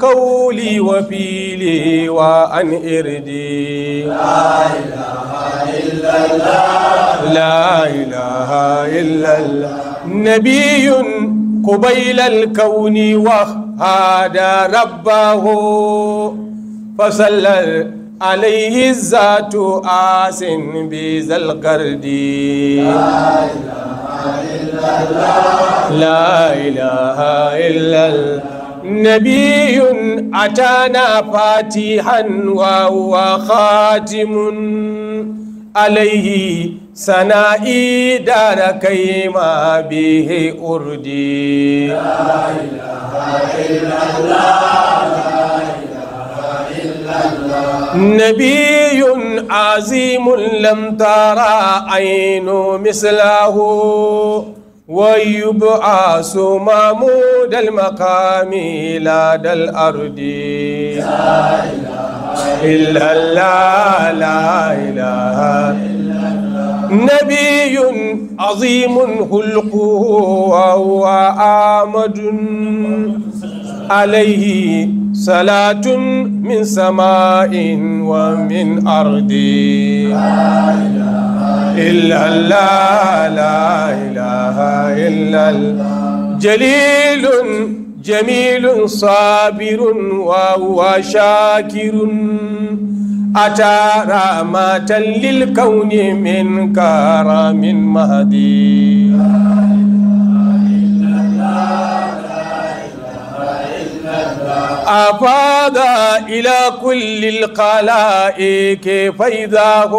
قولي وفيلي وأن إردي لا إله إلا الله لا إله إلا الله نبي قبيل الكون وهذا ربه فصلى عليه الذات آس بذا القرد لا إله إلا الله لا إله إلا الله نبي أتانا فاتحا وهو خاتم عليه سنائي دار كيما به أردي لا إله إلا الله نبي عظيم لم ترى عين مثله ويبعث محمود المقام إلى الأرض لا إله إلا الله لا إله إلا الله نبي عظيم خلقه وهو آمد عليه صلاة من سماء ومن أرض إلا الله لا إله إلا الله جليل جميل صابر وهو شاكر أتى رحمة للكون من كرم مهدي لا إله إلا الله أفاد إلى كل القلائك فإذا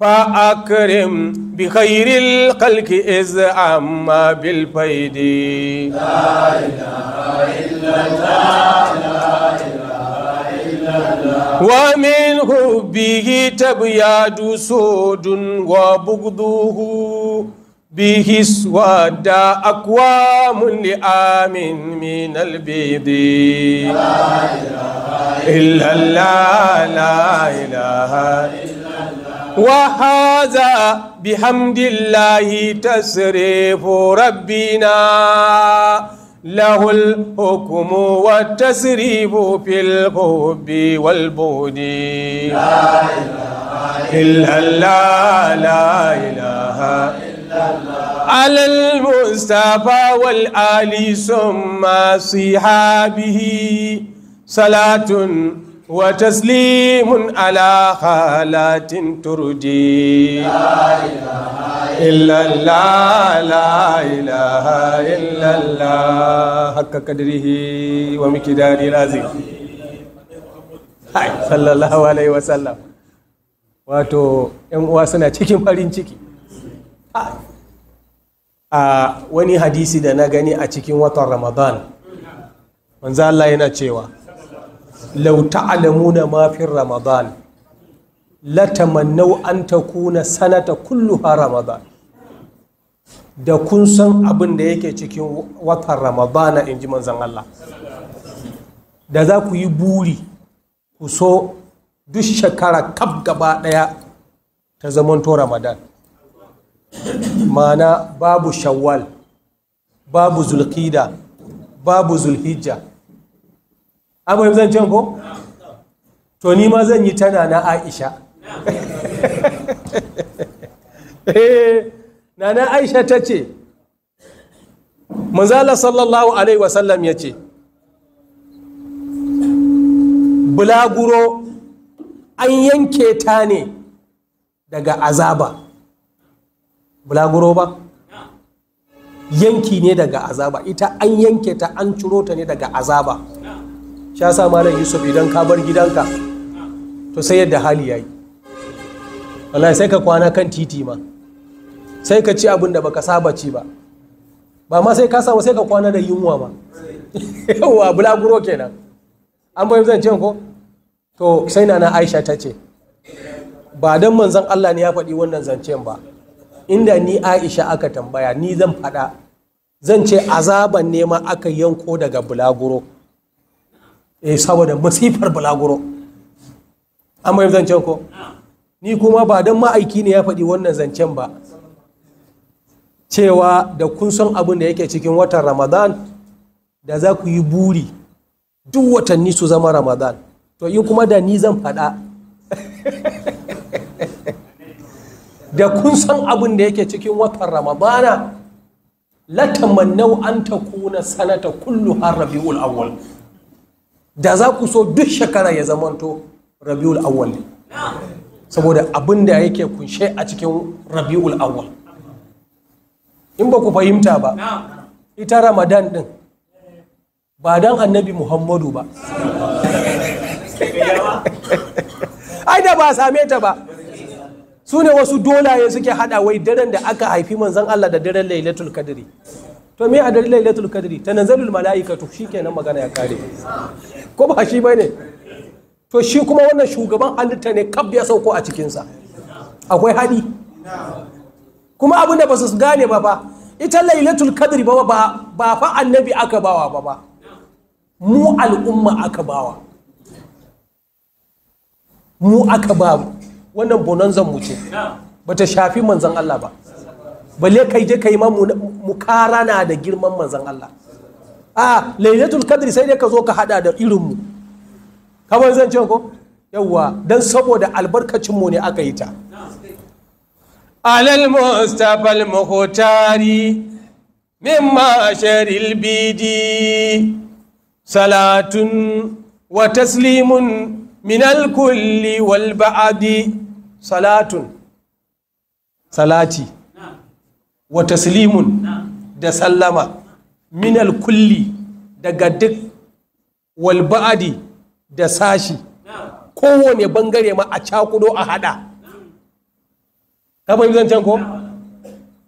فأكرم بخير الخلق إذ أما بالفيد لا إله إلا الله ومن حبه تبياد سود وبغضه به سواد أقوام لآم من البيض لا إله إلا الله لا إله إلا الله وهذا بحمد الله تصريف ربنا له الحكم والتصريف في الحب والبود لا إله إلا الله لا إله إلا Ala Mustapha wa Ali son masu yabihin salatun wa taslimun alaƙa latin turidin. La ilaha illallah, la ilaha illallah. Haka kadirihin wa mikita wa sallar. Wato 'yan suna cikin farin ciki. a wani hadisi da na gani a cikin watan ramadan manzo Allah yana cewa lauta ta'lamuna ma fi ramadan la tamannau an takuna sanata kulluha ramadan da kun san abin da yake cikin watan Ramadan in ji manzan Allah da za ku yi buri ku so duk shekara kaf gaba daya ta zamanto ramadan mana babu shawwal babu zulkida babu zulhijja abu zan can ko to ni ma zan yi tana na aisha eh, nana aisha ta ce manzala sallallahu alaihi wasallam ya ce bulaguro an yanke ta ne daga azaba bulaguro ba yanki ne daga azaba ita an yanke ta an ciro ta ne daga azaba sha sa malam yusuf idan ka bar gidanka to sai yadda hali yayi wallahi sai ka kwana kan titi ma sai ka ci abin da baka saba ci ba ba ma sai ka samu sai ka kwana da yunwa ma yawa bulaguro kenan an bayan zan ce ko to sai na na aisha ta ce ba dan manzon Allah ne ya faɗi wannan zancen ba inda ni aisha aka tambaya ni zan faɗa zan ce azaban nema aka yanko daga bulaguro eh saboda masifar bulaguro amma yi zancen ko ni kuma ba don ma'aiki ne ya faɗi wannan zancen ba cewa da kun san abin da yake cikin watan ramadan da za ku yi buri duk watanni su zama ramadan to in kuma da ni zan faɗa da kun san abin da yake cikin watan ramadana latamannau an ta kuna sanata kullu har rabi'ul awwal da za ku so duk shekara ya zamanto rabi'ul awwal ne saboda abin da yake kunshe a cikin rabi'ul awwal in ba ku fahimta ba ita ramadan din ba don annabi muhammadu ba ai da ba same ta ba su ne wasu dolaye suke hada wai daren da aka haifi manzan Allah da daren lailatul kadiri to me a daren lailatul kadri tanzalul malaikatu shikenan magana ya kare ko ba shi bane to shi kuma wannan shugaban halitta ne kab ya sauko a cikinsa akwai hadi kuma abin da ba su gane ba ba ita lailatul ba ba ba fa annabi aka bawa ba ba mu al'umma aka bawa mu aka bawa wannan bonanzan mu ce ba ta shafi manzan Allah ba balle kai je kai ma na da girman manzan Allah a lailatul kadri sai dai ka zo ka hada da irin mu kamar zan ce ko yawwa dan saboda albarkacin mu ne aka yi ta alal mustafa al min mimma sharil bidi salatun wa taslimun min al kulli wal ba'di salatun salati wa taslimun da sallama minal kulli daga duk walba'adi da sashi kowane bangare ma a cakudo a hada kamar zancen ko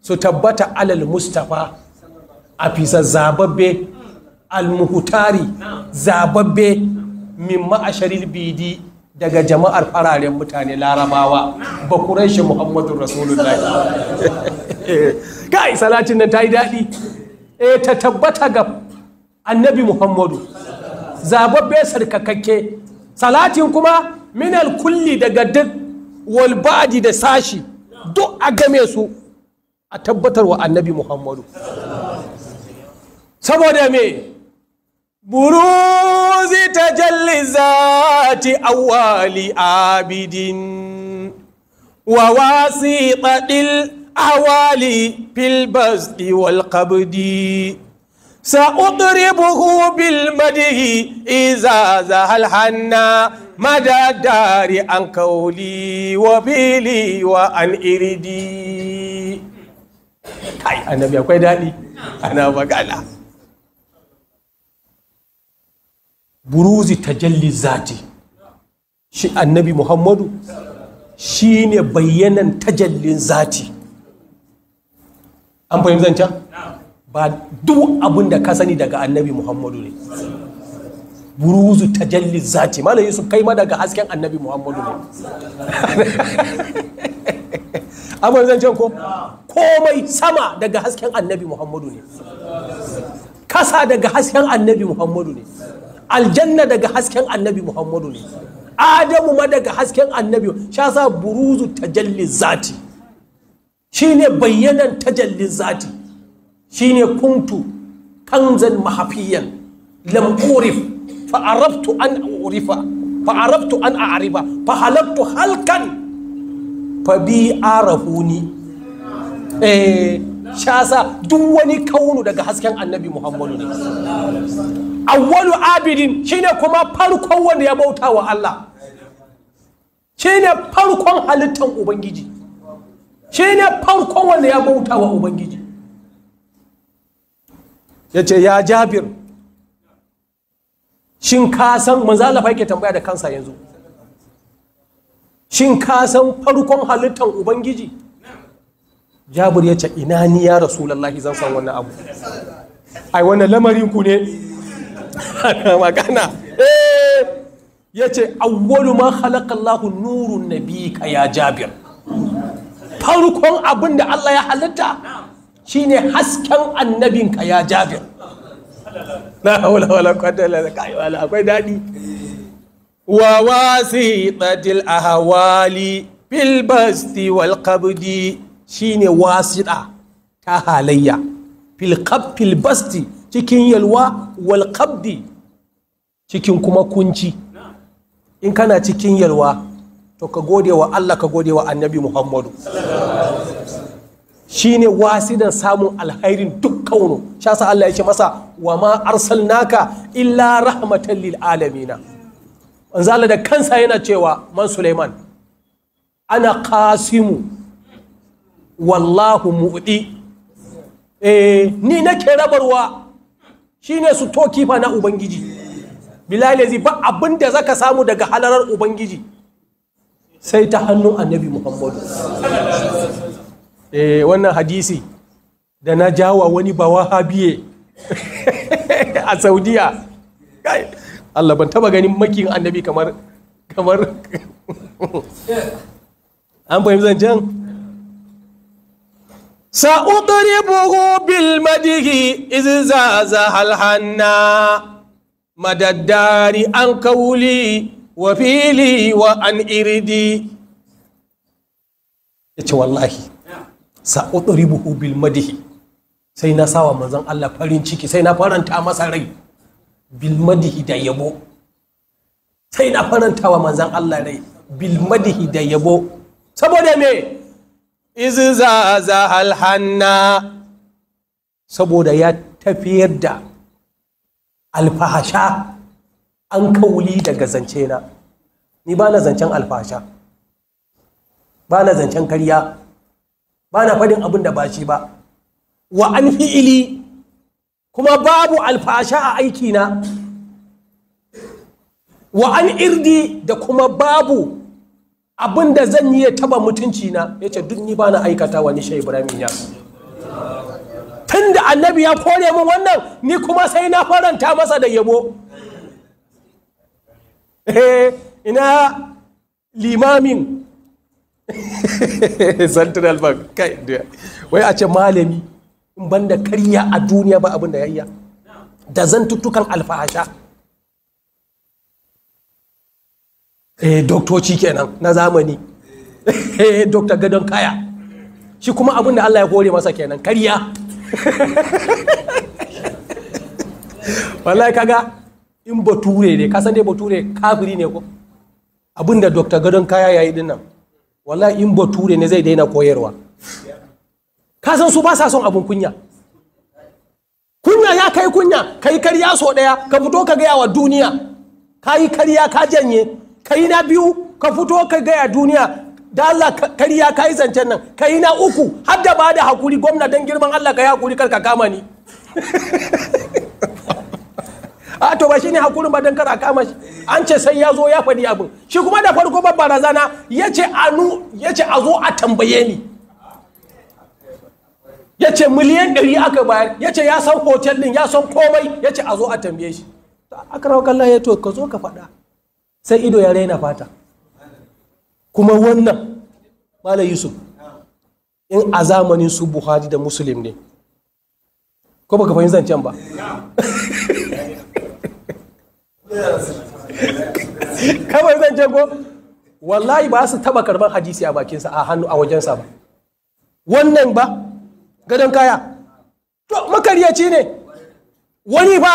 su tabbata alal mustapha a fisa zababbe almuhutari zababbe min ma'asharil bidi daga jama'ar fararen mutane larabawa ba shi muhammadu rasulullahi kai salatin nan ta yi daɗi e ta tabbata ga annabi muhammadu zababbe sarkakakke salatin kuma minal kulli daga duk walbadi da sashi duk a game su a tabbatar wa annabi muhammadu saboda me buru ذي تجلزات أول عابد وواسطة الأوالي في البسط والقبد سأضربه بالمده إذا زهل حنا مدى داري عن كولي وبيلي وأن إردي أي أنا بيقول دالي أنا بقالا buruzi tajalli zati shi annabi muhammadu shi ne bayyanan tajallin zati an fahimci can ba duk abin da ka sani daga annabi muhammadu ne buruzu tajalli zati malam yusuf kai ma daga hasken annabi muhammadu ne an zan can ko komai sama daga hasken annabi muhammadu ne kasa daga hasken annabi muhammadu ne aljanna daga hasken annabi muhammadu ne adamu ma daga hasken annabi sha sa buruzu tajalli zati shine bayyanan tajalli zati shine kuntu kanzan mahafiyan lam urif fa an urifa fa an a'rifa fa halkan fa bi arafuni eh sha sa duk wani kaunu daga hasken annabi muhammadu ne awwalu abidin shine kuma farkon wanda ya bauta wa Allah shine farkon halittan ubangiji shine farkon wanda ya bauta wa ubangiji ya ce ya jabir shin ka san manzo Allah yake tambaya da kansa yanzu shin ka san farkon halittan ubangiji jabir ya ce ina ni ya rasulullahi zan san wannan abu ai wannan lamarin ku ne ana magana eh yace awwalu ma khalaqa nuru nurun nabika ya Jabir farkon abin da Allah ya halitta shine hasken annabinka ya Jabir la haula wala quwwata illa billah akwai wa shine wasiqa ta halayya fil cikin yalwa wal kabdi cikin kuma kunci in kana cikin yalwa to ka gode wa Allah ka gode wa annabi Muhammadu Shi shine wasidan samun alhairin duk kauno sha Allah ya ce masa wa ma arsalnaka illa rahmatan lil alamina anzala da kansa yana cewa man Suleiman ana kasimu wallahu mu'di eh ni nake rabarwa shine su to kifa na ubangiji bilalazi ba abin da zaka samu daga halarar ubangiji sai ta hannun annabi muhammadu eh wannan hadisi da na jawa wani ba wahabiye a saudiya Allah ban taba ganin makin annabi kamar kamar an fahimci zancen سأضربه za halhanna madaddari madadari kawuli wa fili wa an iridi ya yace wallahi sa'udribuhu bil sai na sawa manzon Allah farin ciki sai na faranta masa rai bil da yabo sai na faranta wa manzon Allah rai bil da yabo saboda me iziza za alhanna saboda ya tafiyar da alfahasha an kauli daga zance na ni ba na zancen alfahasha ba na zancen karya ba na faɗin abin da ba shi ba wa an fi'ili kuma babu alfahasha a aikina wa an irdi da kuma babu abin da zan yi ya taba mutunci na ya ce duk ni ba na aikata ni shai ibrahim ya tun da annabi ya kore min wannan ni kuma sai na faranta masa da yabo eh, ina limamin central bank kai wai a ce malami in da karya a duniya ba abin da ya da zan tuttukan alfahasha eh doktoci kenan na zamani eh dokta gadon kaya shi kuma abin da Allah ya kore masa kenan kariya wallahi kaga in bature ne kasan dai bature kafiri ne ko abin da dokta gadon kaya yayi dinnan wallahi in bature ne zai daina koyarwa kasan su ba sa son abin kunya kunya ya kai kunya kai kariya so daya ka fito ka gaya wa duniya ka yi kariya ka janye kai na biyu ka fito ka gaya duniya da Allah kariya ka yi zancen nan ka yi na uku har da ba da hakuri gwamna don girman Allah ka yi hakuri kar ka kama ni a to ba shine hakurin ba don kar a kama shi an ce sai ya zo ya faɗi abin shi kuma da farko na barazana ya ce anu ya ce a zo a tambaye ni ya ce miliyan ɗari aka bayar ya ce ya san hotel ɗin ya san komai ya ce a zo a tambaye shi akarawa kallon ya to ka zo ka faɗa sai ido ya raina fata kuma wannan malam yusuf in a zamanin su buhari da musulun ne ko baka fahimci zancen ba kawai zancen ko wallahi ba su taba karban hadisi a bakinsa a hannu a wajensa ba wannan ba gadon kaya to makaryaci ne wani ba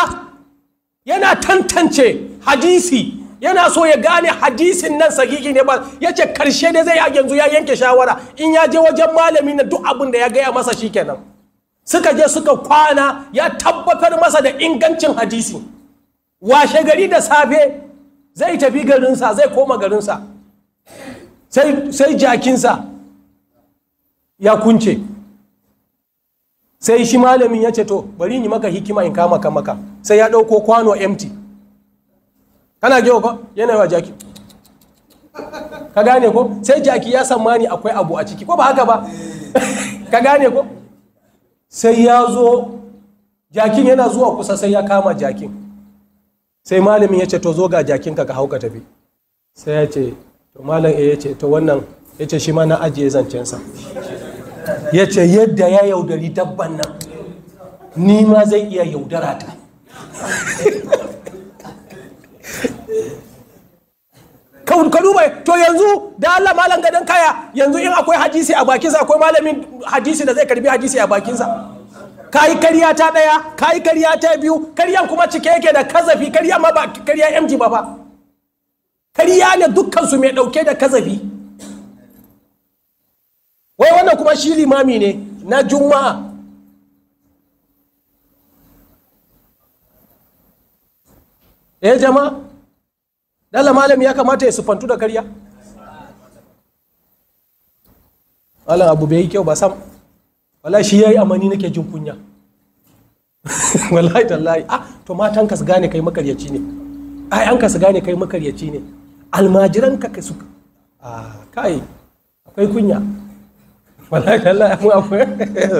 yana tantance hadisi yana so ya gane hadisin nan sahihi ne ba ya ce karshe ne zai yanzu ya yanke shawara in ya je wajen malami na duk abin da ya gaya masa shi kenan suka je suka kwana ya tabbatar masa da ingancin hadisi washe gari da safe zai tafi garinsa zai koma garinsa sai jakinsa ya kunce sai shi malamin ya ce to bari yi maka hikima in kama ka maka sai ya ɗauko kwano empty kana gewa ba yanayi wa jaki ka gane ko sai jaki ya sammani akwai abu a ciki ko ba haka ba ka gane ko sai ya zo jakin yana zuwa kusa sai ya kama jakin sai malamin ya ce to zo ga jakinka ka hau ka tafi sai ya ce to malam ya ce to wannan ya ce shi ma na ajiye zancensa ya ce yadda ya yaudari dabban nan ni ma zai iya yaudara ta ka duba to yanzu da Allah malam gadon kaya yanzu in akwai hadisi a bakinsa akwai malamin hadisi da zai karbi hadisi a bakinsa kayi karya ta daya kayi karya ta biyu karyan kuma cike yake da kazafi karya ma ba karya MG ba ba karya ne dukkan su mai dauke da kazafi wai wannan kuma shi limami ne na juma'a eh jama'a lalla malam ya kamata ya sufantu da karya malam abu bai yi kyau ba sam wala shi yayi amani nake jin kunya wallahi tallahi ah to matan ka su gane kai makaryaci ne ai an ka su gane kai makaryaci ne almajiran ka ka su ah kai akwai kunya wallahi tallahi mu akwai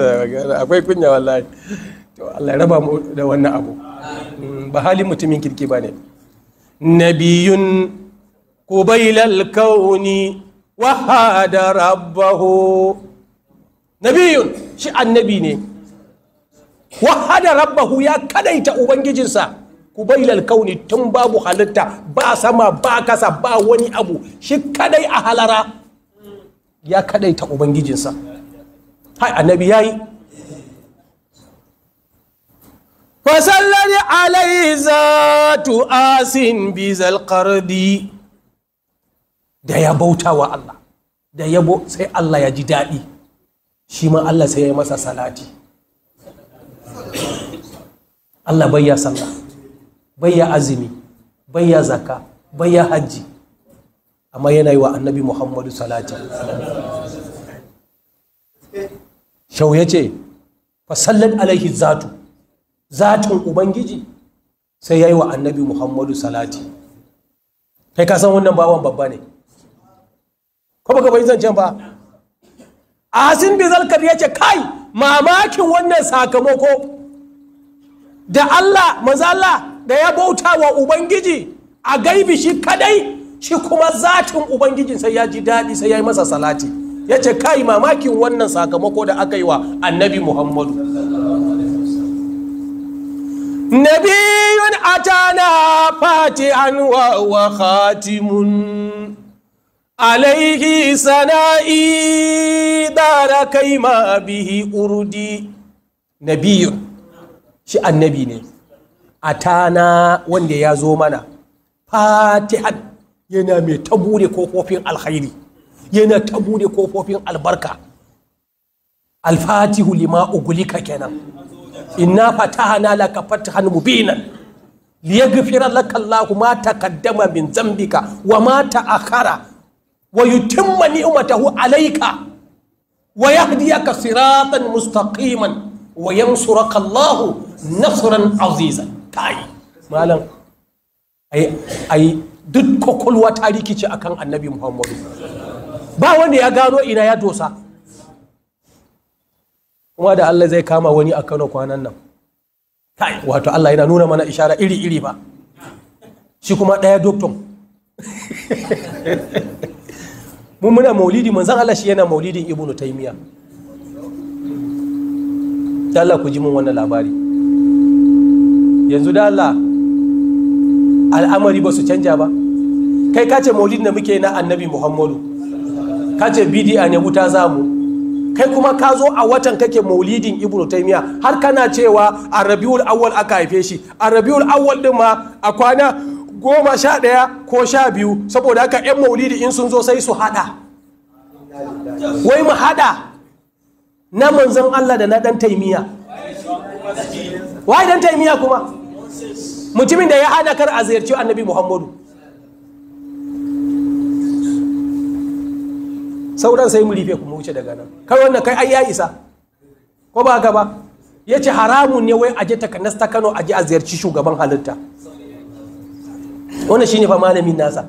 akwai kunya wallahi to Allah ya raba mu da wannan abu mm, ba halin mutumin kirki bane. ne نبي قبيل الكون وهاد ربه نبي شي النبي ne wahada rabbahu ya kadaita ubangijinsa kubailal tun babu halitta ba sama ba kasa ba wani abu shi kaɗai a halara ya kadaita ubangijinsa annabi yayi وسلل عليه ذات آس بذا القرد da ya bauta wa Allah da yabo sai Allah ya ji daɗi shi ma Allah sai ya masa salati Allah bayya sallah bayya azumi bayya zakka bayya hajji amma yana yi wa annabi Muhammadu salati shau ya ce fasallan alaihi zatu zatin ubangiji sai ya yi wa annabi muhammadu salati kai ka san wannan bawan babba ne ko baka bai zancen ba asin bizalkar ya ce kai mamakin wannan sakamako da allah mazala da ya bauta wa ubangiji a gaibi shi kadai shi kuma zatin ubangijin sai ya ji daɗi sai ya yi masa salati ya ce kai mamakin wannan sakamako da aka yi wa annabi muhammadu Nabiyun atana fati an wa wa khatimun alaihi sana'i dara kai ma bihi urdi. Nabiyun shi Annabi ne atana wanda ya zo mana fati an yana mai tabu kofofin alhairi yana tabu ne kofofin albarka alfatihu lima ugulika kenan inna fatahana laka fatahan mubinan liyaghfira laka Allahu ma taqaddama min zambika wa ma ta'akhara wa yutimma ni'matahu alayka wa yahdiyaka siratan mustaqiman wa yansuraka Allahu nasran azizan kai malam ai ai duk kokolwa ta ce akan annabi Muhammadu ba wanda ya gano ina ya dosa kuma da Allah zai kama wani a Kano kwanan nan wato Allah yana nuna mana ishara iri iri ba shi kuma ɗaya doktor mun muna maulidi manzan Allah shi yana maulidin ibnu taymiya da Allah ku ji mun wannan labari yanzu da Allah al'amari ba su canja ba kai kace maulidi da muke na annabi muhammadu kace bidi'a ne wuta zamu kai kuma ka zo a watan kake maulidin ibnu taimiyya. har kana cewa a rabiul awwal aka haife shi a rabiul awwal din ma a kwana goma sha ɗaya ko sha biyu saboda haka yan maulidi in sun zo sai su haɗa wai mu haɗa na manzon allah da na ɗan taimiya wai ɗan taimiya kuma mutumin da ya hana kar a ziyarci annabi muhammadu sauran sai mu rufe kuma wuce daga nan kai wannan kai ai ya isa ko ba gaba ba? Yace haramun ne wai aje ta kanas ta kano aje a ziyarci shugaban halitta wannan shine fa malamin nasa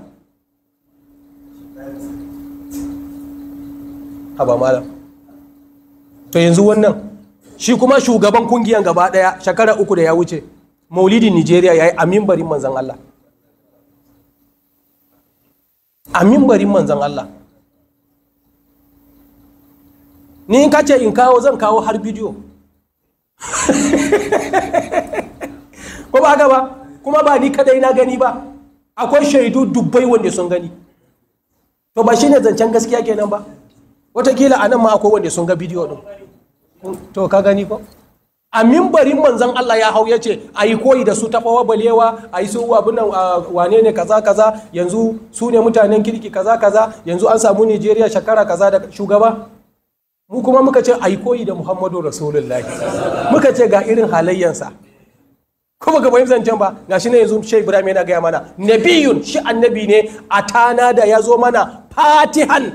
haba malam to yanzu wannan shi kuma shugaban kungiyan gaba daya shekara uku da ya wuce maulidin nigeria ya yi a mimbarin manzan allah a mimbarin manzan allah ni in kace in kawo zan kawo har bidiyo ko ba ba kuma ba ni kadai na gani ba akwai shaidu dubbai wanda sun gani to ba shine zancen gaskiya kenan ba watakila a nan ma akwai wanda sun ga bidiyo din to ka gani ko a mimbarin manzon Allah ya hau ya ce a yi koyi da su tafawa balewa a yi su abin wane ne kaza kaza yanzu su ne mutanen kirki kaza kaza yanzu an samu Nijeriya shakara kaza da shugaba mu kuma muka ce ai koyi da muhammadu rasulullahi muka ce ga irin halayyansa kuma ga fahimtar can ba ga shi ne yanzu shi ibrahim yana gaya mana nabiyun shi annabi ne a tana da ya zo mana fatihan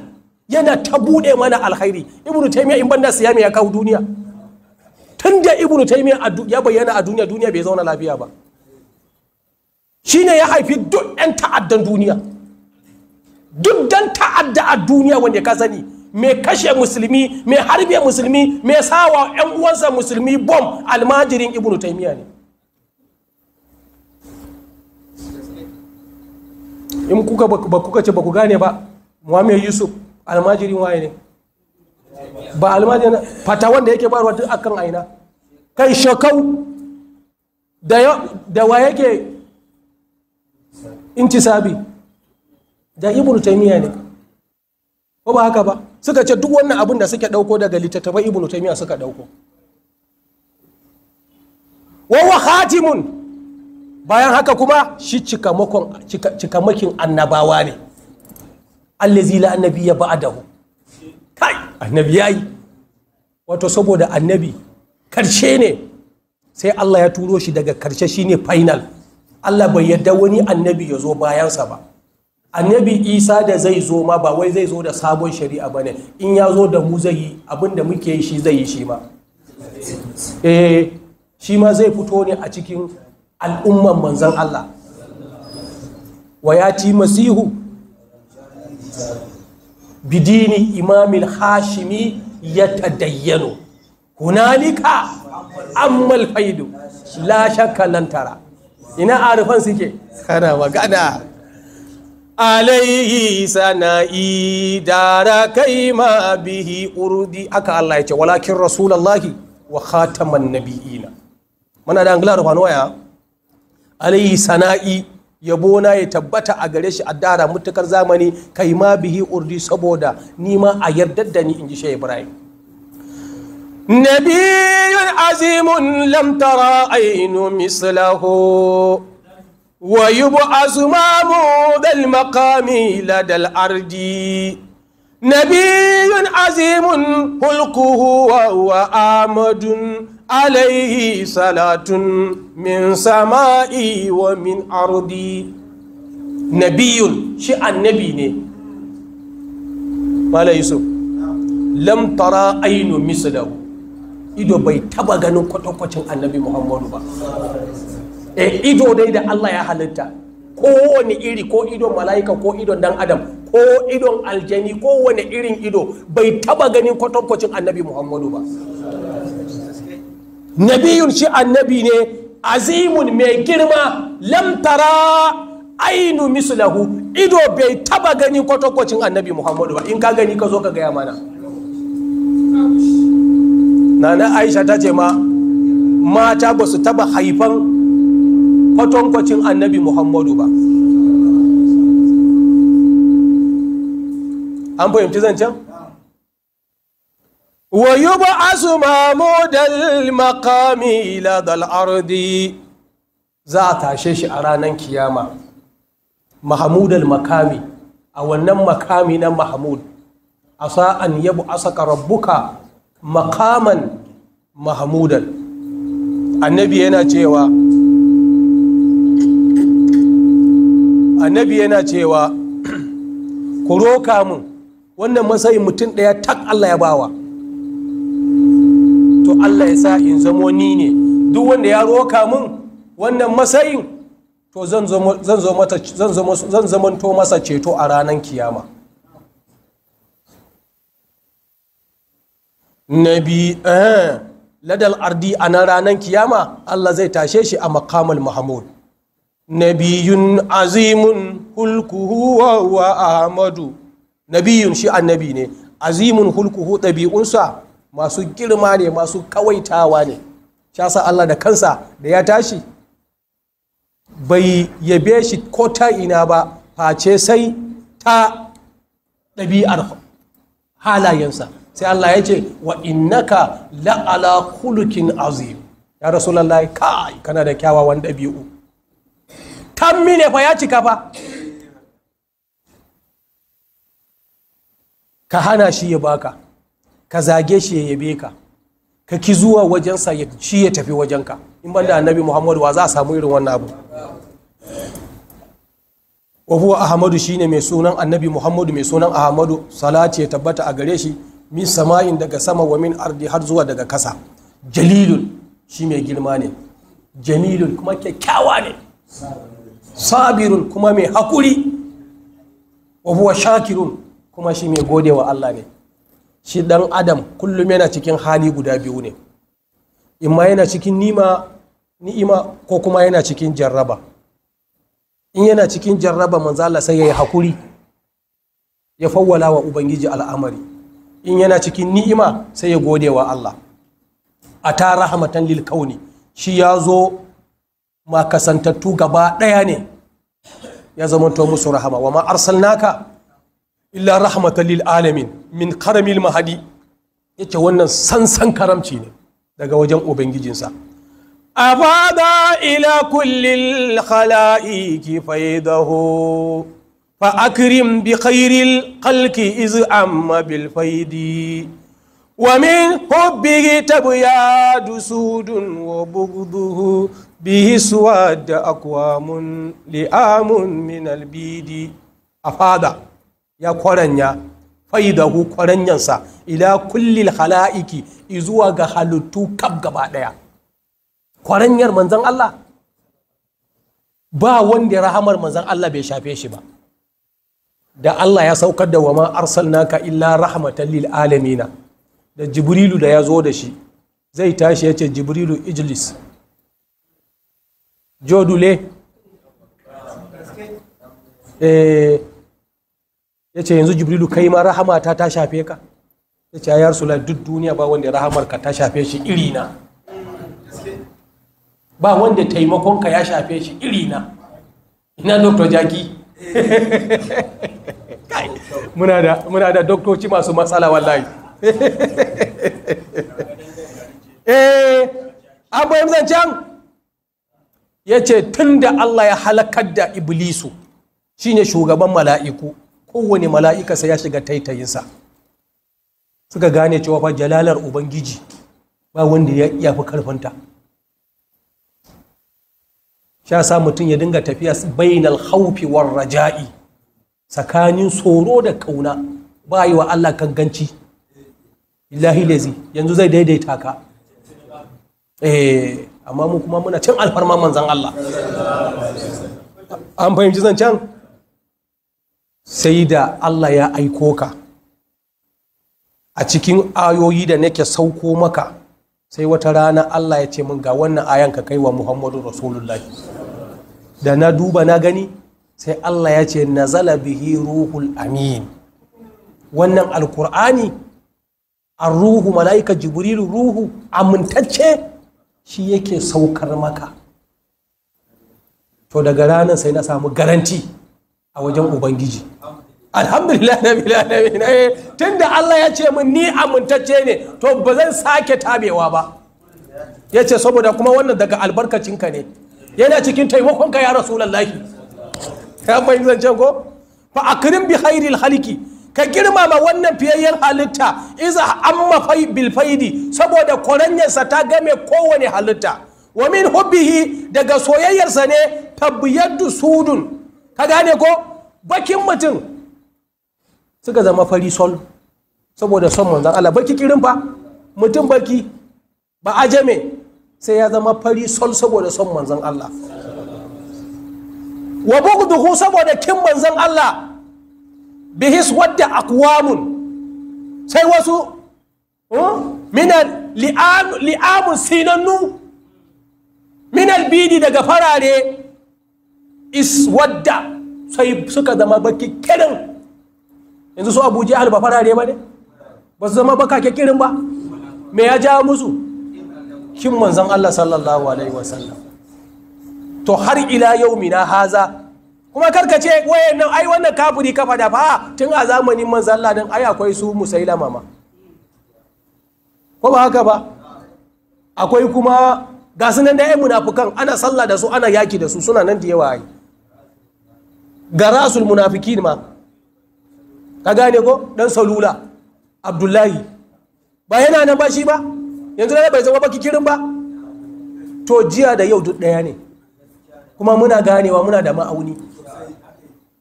yana ta buɗe mana alkhairi ibnu taymiya in banda siyami ya kawo duniya tun da ibnu taymiya ya bayyana a duniya duniya bai zauna lafiya ba shi ne ya haifi duk yan ta'addan duniya duk dan ta'adda a duniya wanda ka sani mai kashe musulmi mai harbe musulmi mai sawa 'yan uwansa musulmi bom almajirin ibnu taimiyya ne in kuka ba kuka ce ba ku gane ba muhammed yusuf almajirin waye ne ba almajirin fata wanda yake barwa duk akan aina kai shakau da wa yake sabi da ibnu taimiyya ne ko ba haka ba suka ce duk wannan abin da suke dauko daga littattafai ibnu taymiya suka dauko wawa khatimun bayan haka kuma shi cikamakin annabawa ne allazi la annabi ya ba'adahu kai annabi wato saboda annabi karshe ne sai Allah ya turo shi daga karshe shine final Allah bai yadda wani annabi ya zo bayansa ba annabi isa da zai zo ma ba wai zai zo da sabon shari'a ba ne in ya zo da mu zai yi abin da muke shi zai yi shi ma eh shi ma zai fito ne a cikin al'umman manzan allah wa ya ci masihu bidini imamil hashimi ya tadayyano hunalika ammal faidu la shakka lantara ina arifan suke kana magana alaihi sana'i dara kai ma bihi urdi aka Allah ya ce walakin rasulullahi wa khataman nabiyina muna da angular da waya alaihi sana'i yabo na ya tabbata a gare shi a dara mutukar zamani kai ma bihi urdi saboda ni ma a yardar da ni inji shi Ibrahim nabiyun azimun lam tara ainu mislahu ويبعث محمود المقام لدى الأرض نبي عظيم خلقه وهو آمد عليه صلاة من سماء ومن أرض نبي شيء النبي مالا يوسف lam tara ainu mislahu ido bai taba ganin kwatankwacin annabi muhammadu ba e ido dai da Allah ya halitta ko wani iri ko idon mala'ika ko idon dan adam ko idon aljani ko wani irin ido bai taba ganin kwatankwacin annabi muhammadu ba nabiyun shi annabi ne azimun mai girma lamtara ainu misulahu ido bai taba ganin kwatankwacin annabi muhammadu ba in ka gani ka zo ka gaya mana nana aisha ta ce ma mata ba su taba haifan kwatankwacin annabi muhammadu ba an fahimci zancen? wayu ba a su makami ladal ardi za a tashe shi a ranar kiyama Mahmudal makami a wannan makami na mahamud a sa'an yabu asaka rabbuka makaman mahamudan annabi yana cewa annabi yana cewa ku roka mun wannan matsayin mutum ɗaya tak Allah ya bawa to Allah ya sa in zamo ni ne duk wanda ya roka mun wannan matsayin to zan zamanto masa ceto a ranar kiyama nabi eh, ladal ardi a na ranar kiyama Allah zai tashe shi a makamul mahmud nabiyun azimun hulkuhu wa huwa ahmadu nabiyun shi annabi ne azimun hulkuhu ɗabi'unsa masu girma ne masu kawaitawa ne shasa Allah da kansa da ya tashi bai yabe shi ko ta ina ba face sai ta ɗabi'ar halayensa sai Allah ya ce wa innaka la'ala hulukin azim ya lallai kai kana da kyawawan ɗabi'u kammi ne fa ya cika fa ka hana shi ya baka ka zage shi ya yabe ka ka ki zuwa wajensa ya shi ya tafi wajenka in ban da annabi muhammadu wa za a samu irin wannan abu wa ahamadu ahmadu shine mai sunan annabi muhammadu mai sunan ahmadu salati ya tabbata a gare shi min sama'in daga sama wa min ardi har zuwa daga kasa jalilun shi mai girma ne jalilun kuma kyakkyawa ne sabirun kuma mai hakuri. wa huwa shakirun kuma shi mai gode wa Allah ne shi ɗan adam kullum yana cikin hali guda biyu ne imma yana cikin nima ni'ima ko kuma yana cikin jarraba in yana cikin jarraba manzala sai ya yi haƙuri ya fawwala wa ubangiji al'amari in yana cikin ni'ima sai ya gode wa Allah a ta rahmatan lil kauni shi ya zo ma kasantattu gaba ɗaya ne ya zamanto musu rahama wa ma arsalnaka illa rahmatan lil alamin min karamil mahadi yace wannan sansan karamci ne daga wajen ubangijinsa abada ila kullil khalaiqi faidahu fa akrim bi khairil khalqi iz amma bil faidi wa min hubbi tabyadu sudun wa bughduhu به سواد أقوام لئام من البيد أفادا يا قرنيا faidahu kwaranyansa ila kullil hala'iki izuwa ga halittu kaf gaba daya kwaranyar manzan Allah ba wanda rahamar manzan Allah bai shafe shi ba da Allah ya saukar da wama naka illa rahmatan lil alamina da jibrilu da ya zo da shi zai tashi ya ce jibrilu ijlis jodule eh, ya ce yanzu jibrilu kai ma rahama ta ta shafe ka ya ce ya rasula duk duniya ba wanda rahamar ka ta shafe shi irina ba wanda taimakon ka ya shafe shi irina ina dr jaki muna da doktoci masu matsala wallahi eh abubuwan can? ya ce tun da Allah ya halakar da Iblisu shine shugaban mala'iku kowane sai ya shiga taitayinsa suka gane cewa fa jalalar Ubangiji ba wanda ya fi karfanta sha sa mutum ya dinga tafiya bainal haufi war raja'i tsakanin tsoro da kauna ba yi wa Allah ganganci illahi lazi yanzu zai daidaita ka eh, amma mu kuma muna cin alfarmar manzan Allah an fahimci zancen sai da Allah ya aiko ka a cikin ayoyi da nake sauko maka sai wata rana Allah ya ce min ga wannan ayan ka kai wa Muhammadu Rasulullahi da na duba na gani sai Allah ya ce nazala bihi ruhul amin wannan alkur'ani an ruhu mala'ika jibrilu ruhu amintacce shi yake saukar maka to daga ranar sai na samu garanti a wajen ubangiji alhamdulillah na tun da Allah ya ce min ni amintacce ne to ba zan sake tabewa ba ya ce saboda kuma wannan daga albarkacinka ne yana cikin taimakonka ya rasu lallahi. ya zan zancen ko fa akrim bi khairil haliki ka girmama wannan fiyayyen halitta iza amma bil bilfaidi saboda kwaranyarsa ta game kowane halitta wa min hubbihi daga soyayyarsa ne tabbiyaddu sudun ka gane ko bakin mutum suka zama fari sol saboda son manzan Allah baki kirin fa mutum baki ba ajame sai ya zama fari sol saboda son manzan Allah wa bugduhu saboda kin manzan Allah bihis wadda akwamun sai wasu minan li'amun sinannu minan bidi daga farare is wadda sai suka zama baki kirin yanzu su abuji jihar ba farare ba ne ba su zama baka kirin ba me ya ja musu kin manzan Allah sallallahu alaihi wasallam to har ila yau mina haza kuma karka ce waye nan ai wannan kafiri ka fada fa tun a zamanin manzon Allah din ai akwai su musailama ma ko ba haka ba akwai kuma ga su da yan munafikan ana sallah da su ana yaki da su suna nan da yawa ai ga rasul munafikin ma ka gane ko dan salula abdullahi ba yana nan ba shi ba yanzu dai bai zama baki kirin ba to jiya da yau duk daya ne kuma muna ganewa muna da ma'auni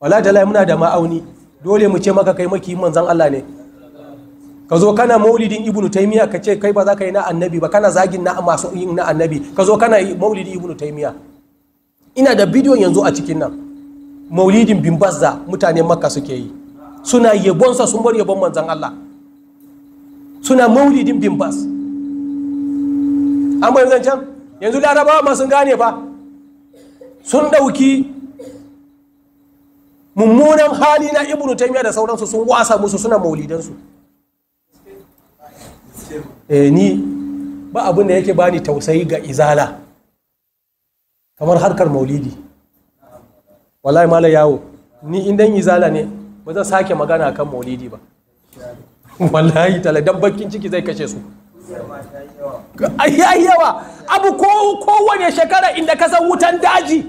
wala ta muna da ma'auni dole mu ce maka kai maki manzan Allah ne ka zo kana maulidin ibnu taymiya ka ce kai ba za ka yi na annabi ba kana zagin na masu yin na annabi ka zo kana maulidin ibnu taymiya ina da bidiyon yanzu a cikin nan maulidin bin bazza mutane makka suke yi suna yabonsa sun bar yabon manzan Allah suna maulidin bin baz an bayan zancen yanzu larabawa ma gane ba sun ɗauki mummunan hali na ibnu taymiya da sauransu sun wasa musu suna maulidansu eh ni ba abin da yake bani tausayi ga izala kamar harkar maulidi wallahi mala yawo ni indan izala ne ba zan sake magana kan maulidi ba wallahi tala bakin ciki zai kashe su ai abu ko kowane shekara inda ka san wutan daji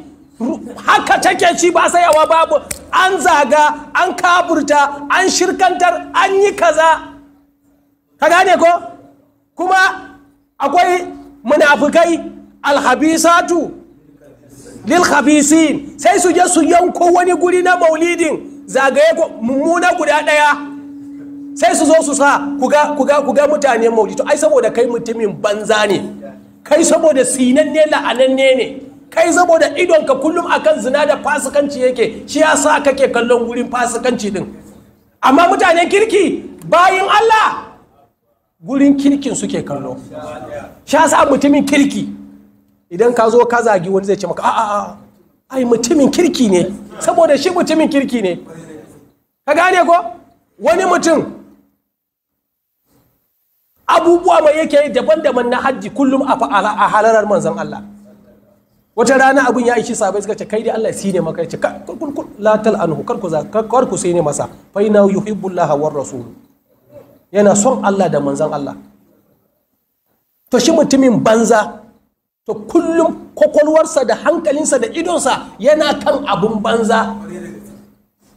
haka take ci ba sayawa babu an zaga an kaburta an shirkantar an yi kaza ka gane ko kuma akwai munafukai alhabisatu khabisin sai su je su yanko wani guri na maulidin zagaye ko mummuna guda daya sai su zo su sa kuga mutane maulidi to ai saboda kai mutumin banza ne kai saboda sinanne la'ananne ne kai saboda idonka kullum akan zina da fasikanci yake shi ya sa kake kallon wurin fasikanci din amma mutanen kirki bayin Allah gurin kirkin suke kallo shi sa mutumin kirki idan ka zo ka zagi wani zai ce maka a'a a ai mutumin kirki ne saboda shi mutumin kirki ne ka gane ko wani mutum abubuwa mai yake daban-daban na hajji kullum a halarar manzan Allah wata rana abin ya ishi sabai suka ce kai dai Allah sine maka ce la tal anhu kar ku kar ku sine masa fa inna yuhibbullaha war rasul yana son Allah da manzon Allah to shi mutumin banza to kullum kwakwalwarsa da hankalinsa da idonsa yana kan abun banza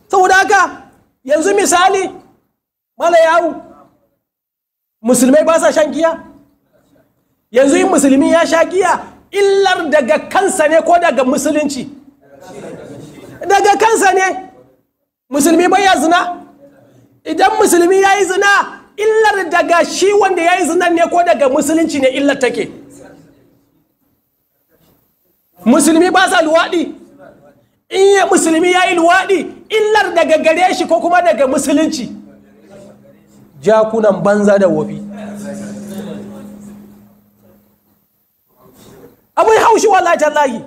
saboda haka yanzu misali mala yawo musulmai ba sa shan giya yanzu yin musulmi ya sha giya illar daga kansa ne ko daga musulunci daga kansa ne musulmi bai ya zina idan musulmi ya yi zina illar daga shi wanda ya yi zinan ne ko daga musulunci ne illar take musulmi ba sa luwaɗi in musulmi ya yi luwaɗi illar daga gare shi ko kuma daga musulunci jakunan banza da wofi abin haushi wallahi layi,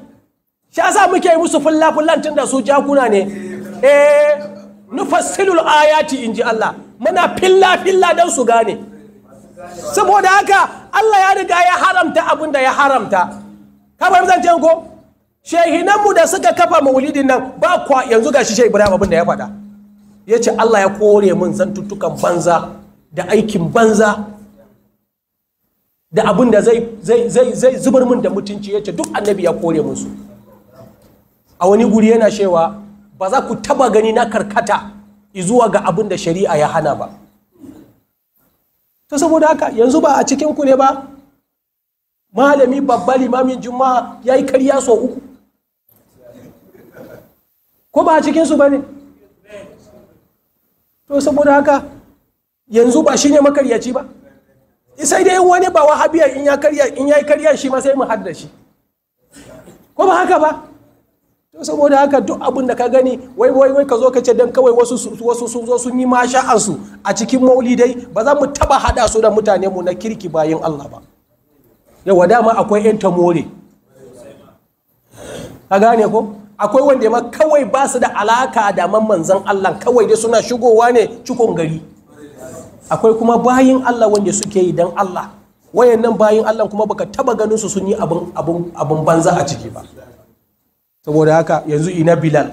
shi sa muke musu fulafulan tun da su jakuna ne eh nufassilul ayati ji Allah muna filla filla don su gane saboda haka Allah ya riga ya haramta abin da ya haramta kamar zancen ko shehinanmu da suka kafa maulidin nan ba kwa yanzu ga shi Ibrahim abin da ya faɗa Ya ce Allah ya kore mun zantuttukan banza da aikin banza da abin da zai zubar mun da mutunci ya ce duk annabi ya kore musu a wani guri yana shewa ba za ku taba gani na karkata zuwa ga abin da shari'a ya hana ba ta saboda haka yanzu ba a cikin ne ba malami babba limamin juma'a ya yi karya sau uku ko ba a cikinsu ba ne to saboda haka yanzu ba ne makaryaci ba sai dai wani ba wahabiya in ya karya in yayi karya shi ma sai mu hadda shi ko ba haka ba to saboda haka duk abin da ka gani wai wai wai ka zo ka ce dan kawai wasu wasu sun zo sun yi masha'an su a cikin maulidai ba za mu taba hada su da mutane mu na kirki bayin Allah ba yawa dama akwai yan tamore a gane ko akwai wanda ma kawai ba su da alaka da manzan Allah kawai dai suna shigowa ne cikon gari akwai kuma bayin Allah wanda suke yi don Allah wayan nan bayin Allah kuma baka taba ganin su sun yi abin banza a ciki ba saboda haka yanzu ina Bilal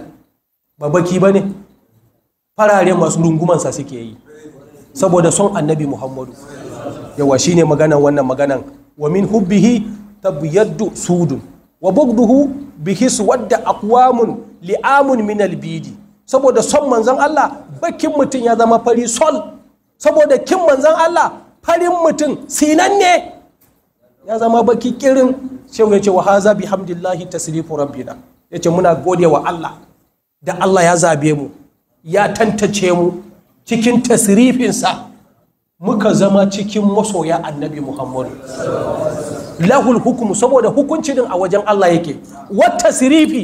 ba baki bane farare masu rungumansa suke yi saboda son Annabi Muhammadu yawa shine maganan wannan maganan wa min hubbihi tabyaddu sudun wa bugduhu bihi suwadda aqwamun li'amun min albidi saboda son manzon Allah bakin mutum ya zama fari sol saboda kin manzan Allah farin mutum sinan ne ya zama baki kirin shehu ya ce wa haza bi hamdillahi tasrifu rabbina ya ce muna gode wa Allah da Allah ya zabe mu ya tantace mu cikin tasrifinsa muka zama cikin masoya annabi muhammadu lahul hukumu saboda hukunci a wajen Allah yake wata sirifi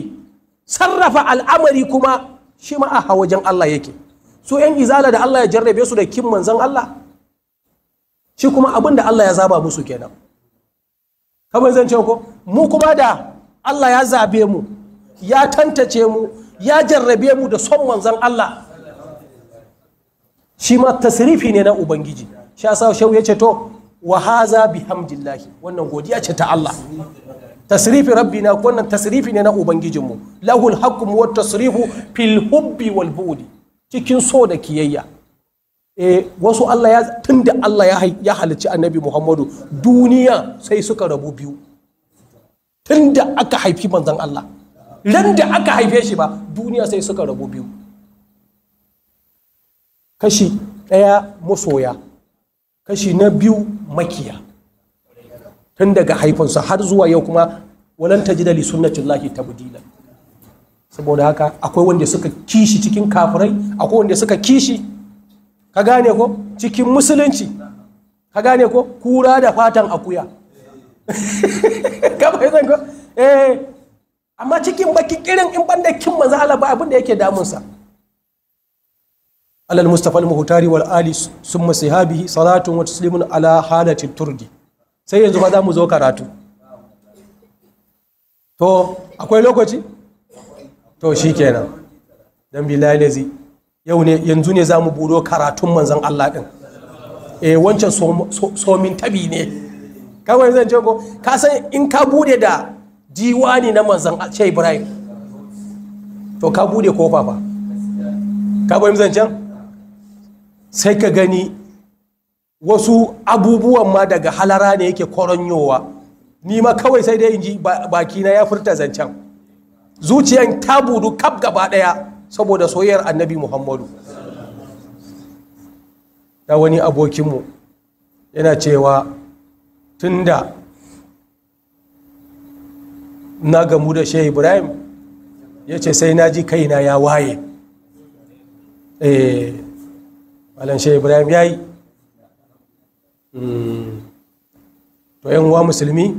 sarrafa al'amari kuma shi ma a wajen Allah yake su yan izala da Allah ya jarrabe su da kin manzan Allah shi kuma abin da Allah ya zaba musu kenan kamar zan ce ko mu kuma da Allah ya zabe mu ya tantace mu ya jarrabe mu da son manzan Allah shi ma tasrifi ne na ubangiji shi yasa shehu ya ce to wa haza bihamdillahi wannan godiya ce ta Allah tasrifi rabbina wannan tasrifi ne na ubangijinmu lahul haqqu wa tasrifu fil hubbi wal budi cikin so da kiyayya e wasu Allah ya tunda Allah ya halicci annabi Muhammadu duniya sai suka rabu biyu tunda aka haifi manzon Allah ran da aka haife shi ba duniya sai suka rabu biyu kashi ɗaya masoya kashi na biyu makiya tun daga haifansa har zuwa yau kuma walanta jidali sunnatullahi tabdila saboda haka akwai wanda suka kishi cikin kafirai akwai wanda suka kishi ka gane ko cikin musulunci ka gane ko kura da fatan akuya kamar zan ko eh amma cikin baki kirin in banda kin manzo Allah ba abin da yake damunsa alal mustafa al-muhtari wal ali summa Habi, salatun wa taslimun ala halati turdi sai yanzu ba za mu zo karatu to akwai lokaci to shi kenan don bilalazi yau ne yanzu ne za mu budo karatun manzan Allah ɗin E wancan somin tabi ne kawai zan ce ko ka san in ka bude da diwani na manzan ce ibrahim to ka bude kofa fa ka zan can? sai ka gani wasu abubuwan ma daga halara ne yake koronyowa ni ma kawai sai dai in ji bakina ya furta zancen zuciyan ta budu kaf gaba daya saboda soyayyar annabi muhammadu da wani abokinmu yana cewa tunda na gamu da shehu ibrahim ya ce sai na ji kaina ya waye eh shehu ibrahim ya yi hmm. to yan uwa musulmi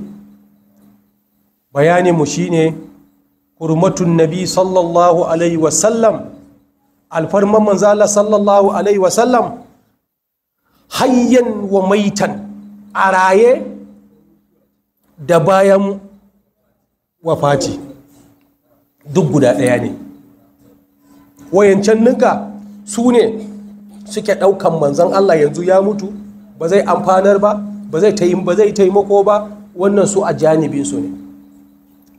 bayaninmu shi ne. hurmatun nabi sallallahu alaihi wasallam alfarman manzo Allah sallallahu alaihi wasallam hayyan wa maitan a raye da bayan wafati duk guda ɗaya ne wayancan nuka su ne suke ɗaukan manzan Allah yanzu ya mutu ba zai amfanar ba ba zai taimako ba wannan su a janibinsu ne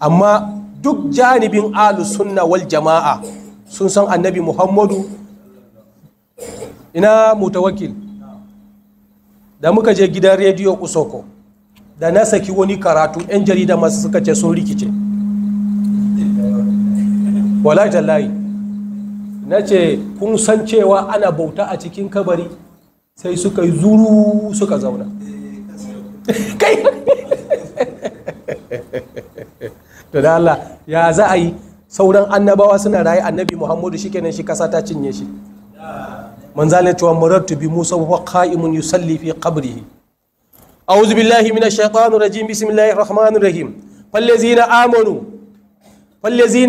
amma duk janibin alu sunna wal jama'a sun san annabi muhammadu ina mutawakil da muka je gidan rediyo usoko da na saki wani karatu 'yan jarida masu suka ce sun rikice wallahi tallahi na ce kun san cewa ana bauta a cikin kabari sai suka yi zuru suka zauna kai da ya za a yi sauran annabawa suna raye annabi muhammadu shi kenan shi kasa ta cinye shi man zane cewa murar musa wa ka'imun yusalli fi qabrihi a'udhu billahi minash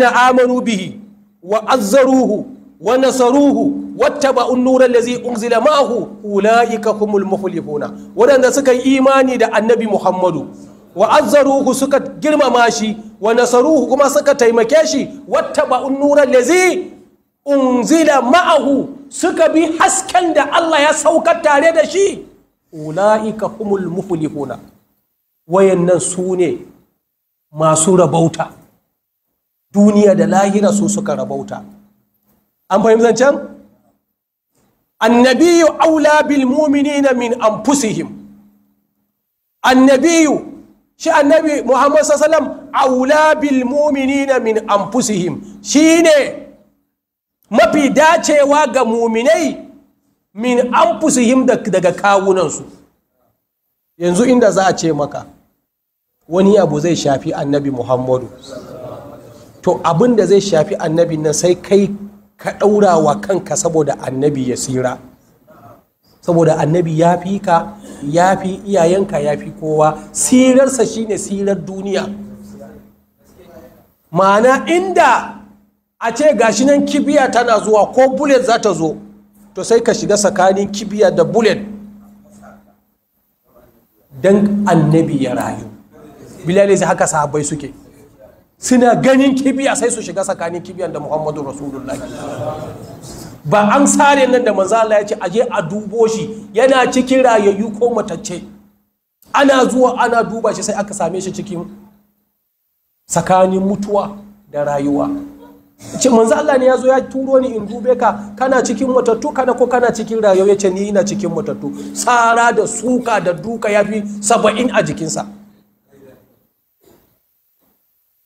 amanu bihi wa azzaruhu wa nasaruhu wattaba an-nur allazi unzila ma'ahu ulaika humul muflihuna wadanda suka yi imani da annabi muhammadu wa azzaruhu suka girmama shi wa nasaruhu kuma suka taimake shi wattaba'un nuran lazi unzila ma'ahu suka bi hasken da Allah ya saukar tare da shi ula'ika humul muflihuna wayannan su ne masu rabauta duniya da lahira su suka rabauta an fahimta can annabiyu aula bil mu'minina min anfusihim annabiyu shi annabi muhammad sallam aula bil mu'minina min anfusihim shine mafi dacewa ga muminai min anfusihim daga kawunansu yanzu inda za a ce maka wani abu zai shafi annabi muhammadu to abin da zai shafi annabi nan sai kai ka ɗaura wa kanka saboda annabi ya tsira saboda annabi ya fi ka ya fi iyayenka ya fi kowa sirarsa shine sirar duniya ma'ana inda a ce gashi nan kibiya tana zuwa ko bullet za ta zo to sai ka shiga tsakanin kibiya da bullet don annabi ya rayu bilal sai haka sahabbai suke suna ganin kibiya sai su shiga tsakanin kibiyan da muhammadu rasulullah ba an sare nan da Manzala ya ce aje a dubo shi yana cikin rayayyu ko matacce ana zuwa ana duba shi sai aka same shi cikin tsakanin mutuwa da rayuwa ce Manzala ne ya zo ya turo ni in dube ka kana cikin matattu kana ko kana cikin rayuwa ya ce ni ina cikin matattu tsara da suka da duka ya fi saba'in a jikinsa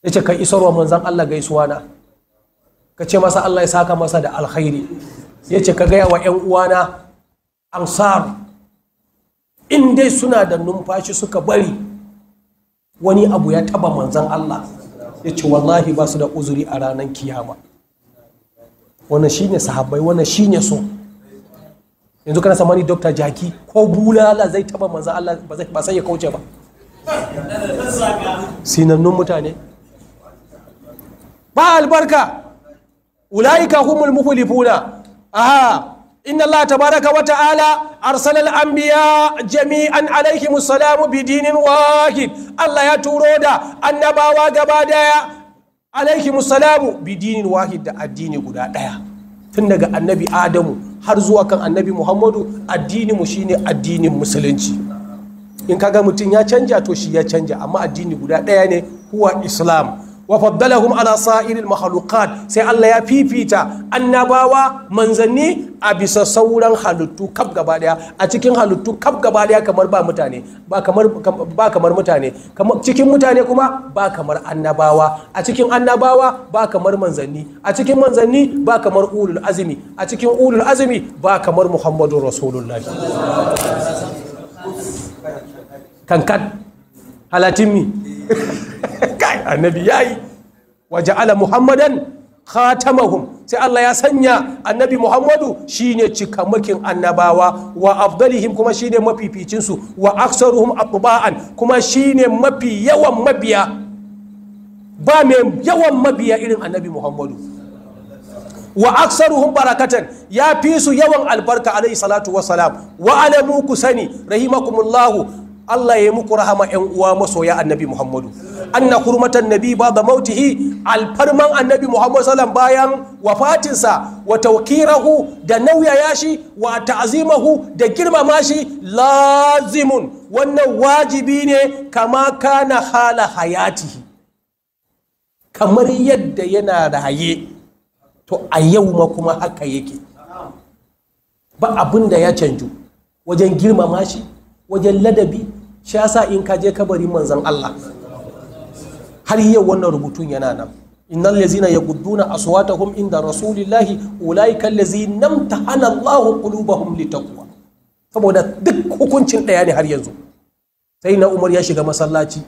ya ce ka isarwa manzan Allah gaisuwa na ka ce masa Allah ya saka masa da alkhairi ya ce ka gaya wa 'yan uwana ansar in dai suna da numfashi suka bari wani abu ya taba manzan Allah ya ce wallahi ba su da uzuri a ranar kiyama wannan shine sahabbai shi shine so yanzu kana samani dokta jaki ko bulala zai taba manzan Allah ba sai ya kauce ba sinannun mutane ba albarka ulaika humul muflihuna aha inna Allah tabaraka wa ta'ala arsala al-anbiya jami'an alaihim assalamu dinin wahid Allah ya turo da annabawa gaba daya alaihim assalamu dinin wahid da addini guda daya tun daga annabi Adamu har zuwa kan annabi Muhammadu addini mu shine addinin musulunci in kaga mutum ya canja to shi ya canja amma addini guda daya ne huwa islam wa faddalahum ala sa'iril makhluqat sai Allah ya fifita annabawa manzanni a bisa sauran halittu kaf gaba daya a cikin halittu kaf gaba daya kamar ba mutane ba kamar ba kamar mutane cikin mutane kuma ba kamar annabawa a cikin annabawa ba kamar manzanni a cikin manzanni ba kamar ulul azmi a cikin ulul azmi ba kamar muhammadur rasulullahi kankan halatin mi annabi yayi wa ja'ala muhammadan khatamahum sai Allah ya sanya annabi Muhammadu shine cikamakin annabawa wa afdalihim kuma shine mafificin su wa aksaruhum atba'an kuma shine mafi yawan mabiya ba mai yawan mabiya irin annabi Muhammadu wa aksaruhum barakatan ya fi su yawan albarka alayhi salatu wassalam wa alamu ku sani rahimakumullahu Allah ya yi muku rahama ‘yan uwa masoya annabi Muhammadu. na hurmatan nabi ba da mautihi alfarman annabi Muhammadu sallam bayan wafatinsa wa taukirahu da nauyaya shi wa ta'azimahu da girmama shi lazimun wannan wajibi ne kama kana hala hayatihi. Kamar yadda yana raye to a yau ma kuma haka yake. Ba abin da ya canju wajen girmama shi, wajen ladabi, shi ya sa in ka je kabarin manzon Allah har yau wannan rubutun yana nan Inna innal ladzina yaqudduna aswatahum inda rasulillahi ulaika allazina imtahana Allah qulubahum litaqwa saboda duk hukuncin daya ne har yanzu sai na Umar ya shiga masallaci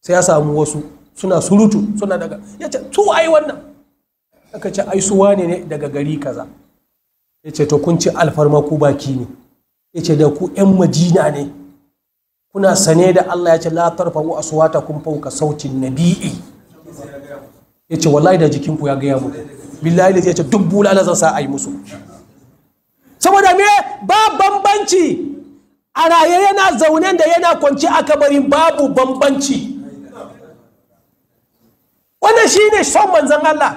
sai ya samu wasu suna surutu suna daga ya ce su ai wannan aka ce ai su wane ne daga gari kaza ya ce to kun ci alfarma ku baki ne ya ce da ku yan majina ne kuna sane da Allah ya ce la aswata kun fauka sautin nabi'i Ya ce wallahi da jikin ya gaya muku billahi da ya ce duk bulala zan sa ai musu saboda me ba bambanci a raye yana zaune da yana kwanci a kabarin babu bambanci wannan shine son manzon Allah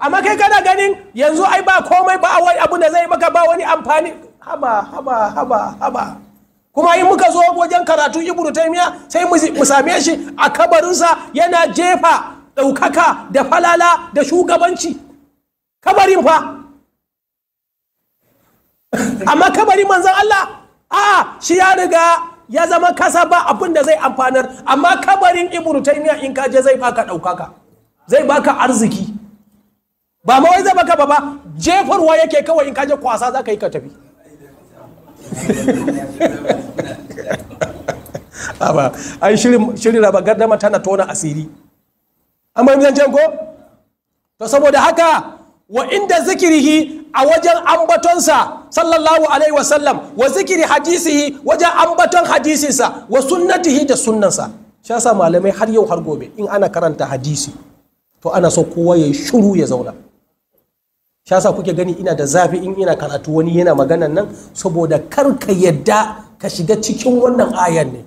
amma kai kana ganin yanzu ai ba komai ba wani abu da zai maka ba wani amfani haba haba haba haba kuma in muka zo wajen karatu ibnu taymiya sai mu same shi a kabarinsa yana jefa ɗaukaka da falala da shugabanci kabarin fa amma kabarin manzan Allah a shi ya riga ya zama kasa ba abin da zai amfanar amma kabarin ibnu taymiya in kaje zai baka ɗaukaka zai baka arziki ba ma wai zai baka ba ba jefarwa yake kawai in kaje kwasa za ka yi ka tafi Aba, ai shirin shirin raba gardama tana tona asiri an bai zancen ko to saboda haka wa inda zikirihi a wajen ambatonsa sallallahu alaihi wasallam wa zikiri hadisihi wajen ambaton hadisinsa wa sunnatihi da sunnansa shasa sa malamai har yau har gobe in ana karanta hadisi to ana so kowa ya shuru ya zauna shasa kuke gani ina da zafi in ina karatu wani yana magana nan saboda kar ka yadda ka shiga cikin wannan ayan ne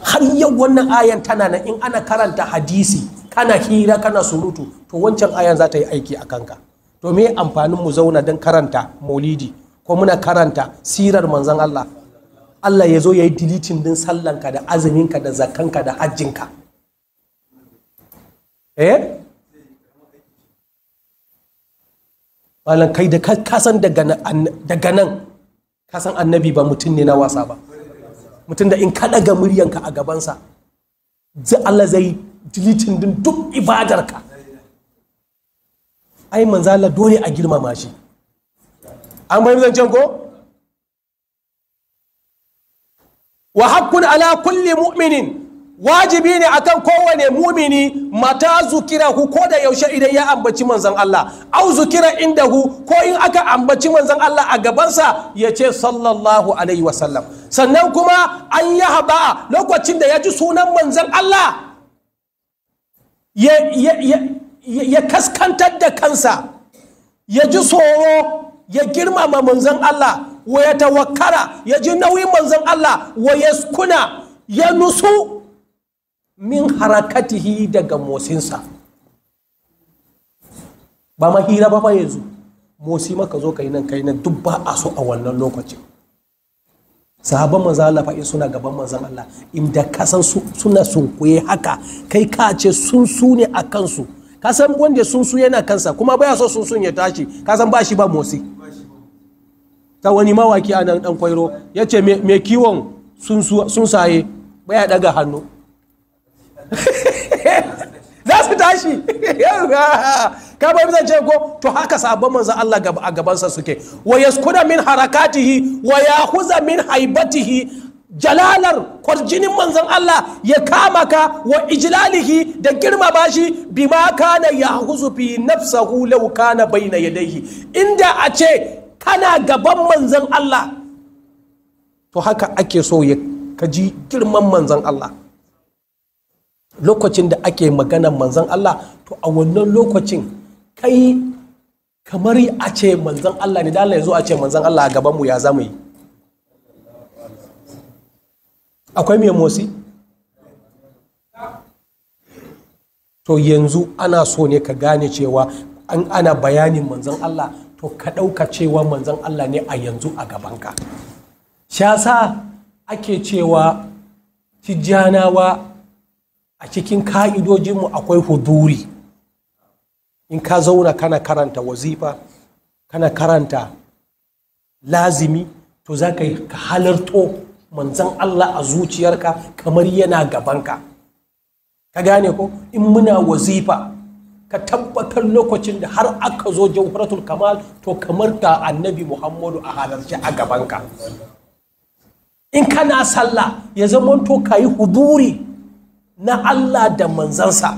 har yau wannan ayan tana nan in ana karanta hadisi kana hira kana surutu to wancan ayan za ta yi aiki a kanka to me amfanin mu zauna don karanta maulidi ko muna karanta sirar manzon Allah Allah ya zo ya yi dilitin din sallanka da azuminka da zakanka da hajjinka eh malam kai da kasan daga nan kasan annabi ba mutum ne na wasa ba mutum da in kaɗa ga muryanka a gabansa zai Allah zai dilitin din duk ibadarka ai manzala dole a girmama shi an bayan zancen ko wa hakkun ala kulli mu'minin wajibi ne akan kowane mumini mata zukira hu ko da yaushe idan ya ambaci manzon Allah au zukira inda hu ko in aka ambaci manzon Allah a gabansa ya ce sallallahu alaihi wasallam sannan kuma an yi haba lokacin da ya ji sunan manzon Allah ya kaskantar da kansa ya ji tsoro ya girmama manzon Allah wa ya tawakkara ya ji nauyin manzon Allah wa ya kuna ya nusu min harakatihi daga mosinsa ba ma hira ba fa yanzu motsi maka zo kai nan kai nan duk ba a so a wannan lokacin sahabban maza Allah in suna gaban manzan Allah inda kasan suna sunkuye haka kai ka ce sun su ne a kansu kasan wanda sun su yana kansa kuma baya so sun sun ya tashi kasan ba shi ba mosi ta wani mawaki a nan dan kwairo ya ce me kiwon sun saye baya daga hannu za su tashi ka bai zan ce ko to haka sabon manzon Allah a gabansa suke wa yaskuda min harakatihi wa yahuza min haibatihi jalalar kwarjinin manzon Allah ya kama ka wa ijlalihi da bashi shi ma kana yahuzu fi nafsahu law kana baina yadayhi inda a ce kana gaban manzon Allah to haka ake so ya kaji girman manzon Allah lokacin da ake magana manzan Allah to a wannan lokacin kai kamar a ce manzan Allah ne da Allah ya zo a ce manzan Allah a gabanmu ya zama yi akwai mai motsi to yanzu ana so ne ka gane cewa an ana bayanin manzan Allah to ka ɗauka cewa manzan Allah ne a yanzu a gabanka shasa ake cewa tijjanawa a cikin ka'idojinmu akwai huduri in ka zauna kana karanta wazifa kana karanta lazimi to za ka halarto manzan Allah a zuciyarka kamar yana gabanka ka gane ko in muna wazifa ka tabbatar lokacin da har aka zo jamhuratul kamal to kamar ga annabi muhammadu a halarci a gabanka in kana sallah ya zamanto ka yi huduri na Allah da manzansa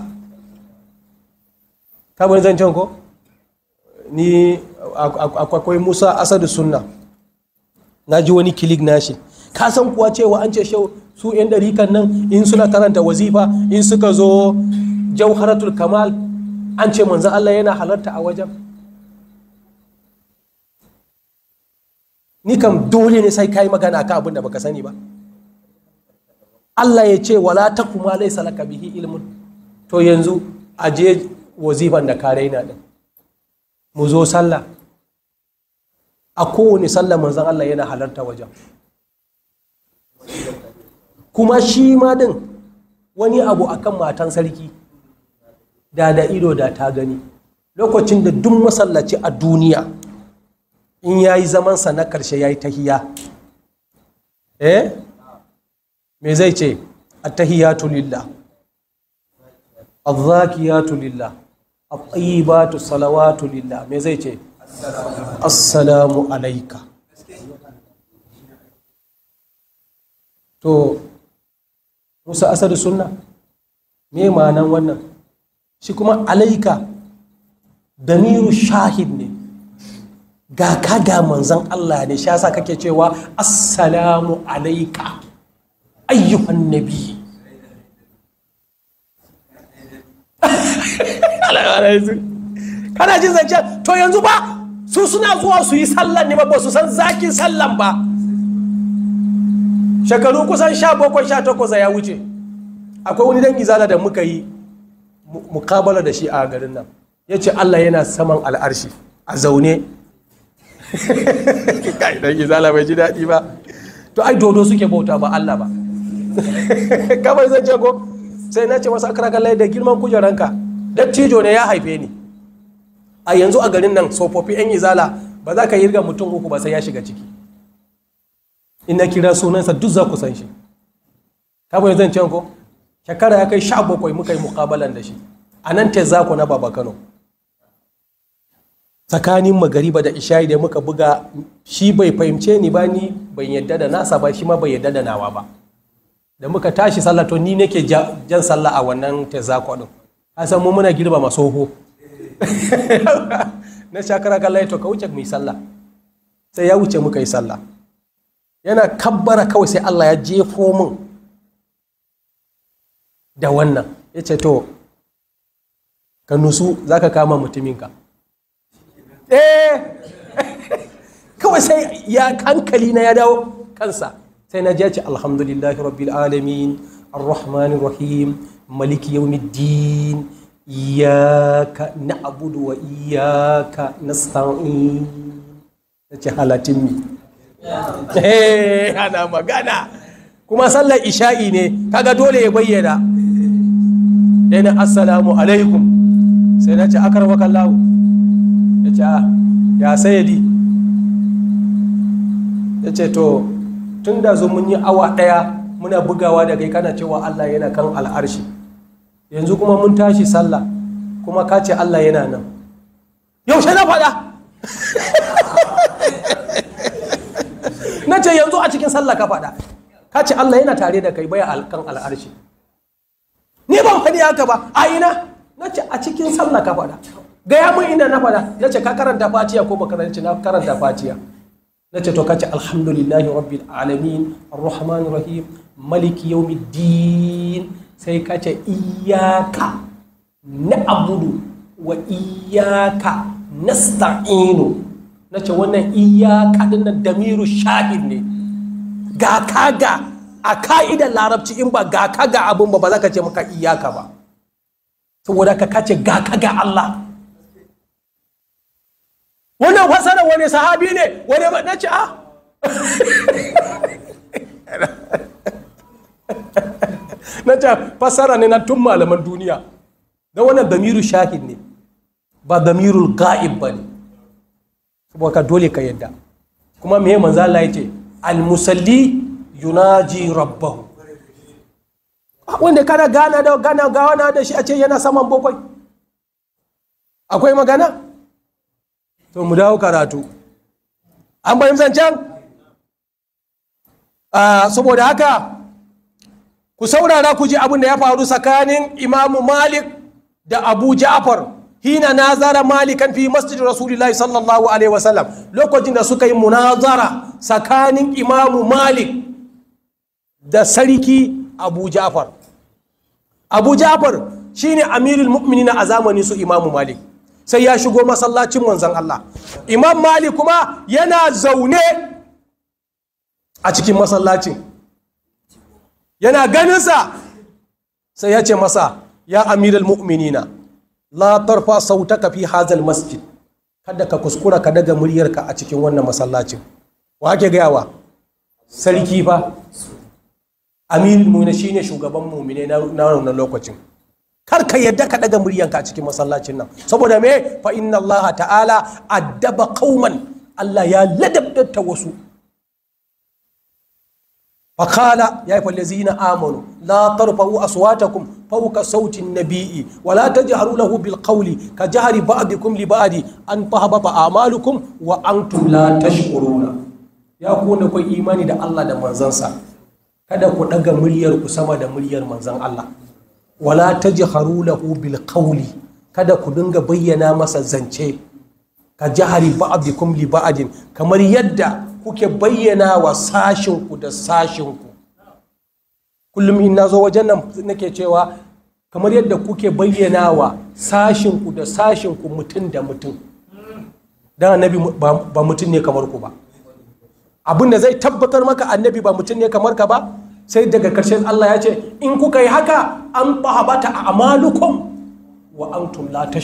ta bani zancen ko ni akwai musa asadu sunna na ji wani kilik nashi ka san kuwa cewa an ce su 'yan darikan nan in suna karanta wazifa in suka zo jauharatul kamal an ce manzan Allah yana halarta a wajen ni kam dole ne sai kai magana ka abin da baka sani ba Allah ya ce wala ta kuma laysa salaka bihi ilmun to yanzu je wazifan da ka raina din mu zo sallah a kowane sallah manzon Allah yana halarta wajen kuma shi ma din wani abu akan matan sarki da da ido da ta gani lokacin da duk masallaci a duniya in ya yi zamansa na karshe ya yi tahiya eh me zai ce attahiyatu lillah azzakiyatu lillah at-tayyibatu salawatu lillah me zai ce assalamu alaika to musa asadu sunna me ma'anan wannan shi kuma alaika damiru shahid ne ga ka ga manzan Allah ne shi yasa kake cewa assalamu alaika ayyuhan nabi kana jin zance to yanzu ba su suna zuwa su yi sallan ne ba ba su san zakin sallan ba shekaru kusan sha bakwai sha takwas ya wuce akwai wani dangi zala da muka yi mukabala da shi a garin nan ya ce allah yana saman al'arshi a zaune kai dangi zala bai ji daɗi ba to ai dodo suke bauta ba allah ba kamar zan jago sai na ce masa akara kallai da girman kujeranka dattijo ne ya haife ni a yanzu a garin nan tsofaffi yan izala ba za ka riga mutum uku ba sai ya shiga ciki ina kira sunansa duk za ku san shi kamar zan ce ko shekara ya kai sha bakwai muka yi mukabalan da shi a nan te ku na baba kano tsakanin magariba da isha'i da muka buga shi bai fahimce ni ba ni ban yadda da nasa ba shi ma bai yadda da nawa ba da muka tashi sallah to ni nake jan sallah a wannan tezako din san mu muna girba masoho na shakara ka to ka wuce mu sallah sai ya wuce muka yi sallah yana kabbara kawai sai Allah ya jefo mun da wannan ya ce to ka nusu za ka kama mutuminka eh kawai sai ya hankali na ya dawo kansa sai na ji alhamdulillahi rabbil alamin arrahmanir rahim maliki yawmiddin iyyaka na'budu wa iyyaka nasta'in nace halatin mi eh ana magana kuma sallar isha'i ne kaga dole ya bayyana dai na assalamu alaikum sai na ce akar wakan lawo ya ce ya sayadi ya ce to tun da zo mun yi awa ɗaya muna bugawa da kai kana cewa Allah yana kan al'arshi yanzu kuma mun tashi sallah kuma ka ce Allah yana nan yaushe na faɗa na ce yanzu a cikin sallah ka faɗa ka ce Allah yana tare da kai baya kan al'arshi ni ban faɗi haka ba a ina na ce a cikin sallah ka faɗa gaya mun ina na faɗa na ce ka karanta fatiya ko ba karanta na na ce to ka ce alhamdulillahi rabbil alamin ar-rahman rahim maliki yawmiddin sai ka ce iyaka na abudu wa iyaka nasta'inu na ce wannan iyaka na damiru sha'id ne ga ka ga a ka'idar larabci in ba ga ka ga abun ba ba za ka ce maka iyaka ba saboda ka kace ga ka ga Allah wannan fasara wani sahabi ne wani ba ce a ah. na ce fasara ne na tun malaman duniya da wannan damiru shahid ne ba damiru ga'ib ba ne ka dole ka yadda kuma mai manza Allah ya ce al musalli yunaji rabbahu wanda kana gana da gana gawana da shi a ce yana saman bakwai akwai magana to mu dawo karatu an bayin zancen ah, saboda haka ku saurara ku ji abin da ya faru tsakanin imamu malik da abu ja'far hina nazara malikan fi masjid rasulullahi sallallahu alaihi wasallam lokacin da suka yi munazara tsakanin imamu malik da sarki abu ja'far abu ja'far shine amirul mu'minina a zamanin su imamu malik sai ya shigo masallacin manzan Allah imam mali kuma yana zaune a cikin masallacin yana ganinsa sai ya ce masa ya amiral mu'minina la tarfa sautaka fi hazal masjid kada ka kuskura ka daga muryarka a cikin wannan masallacin wa ake gayawa sarki fa amiral mu'mina shine shugaban mu'mine na wannan lokacin kar ka yadda ka daga muryanka a cikin masallacin nan saboda me fa inna Allah ta'ala addaba qauman Allah ya ladabta wasu fakala ya yi fallazi na la tarfa'u aswatakum fawqa sautin nabi'i wa la tajharu lahu bil qawli ka jahri ba'dikum li ba'di an tahbata a'malukum wa antum la tashkuruna ya ku kwai kai imani da Allah da manzansa kada ku daga muryar ku sama da muryar manzan Allah wala tajharu lahu bil qawli kada ku dinga bayyana masa zance ka jahari ba'dikum li liba'adin kamar yadda kuke bayyana wa sashin da sashinku. kullum in nazo wajen nan nake cewa kamar yadda kuke bayyana wa sashin da sashinku mutum da mutum don annabi ba mutum ne kamar ku ba abin da zai tabbatar maka annabi ba mutum ne kamar ka ba sai daga karshen Allah ya ce in kuka yi haka an bahabata a amalukum wa tumla ta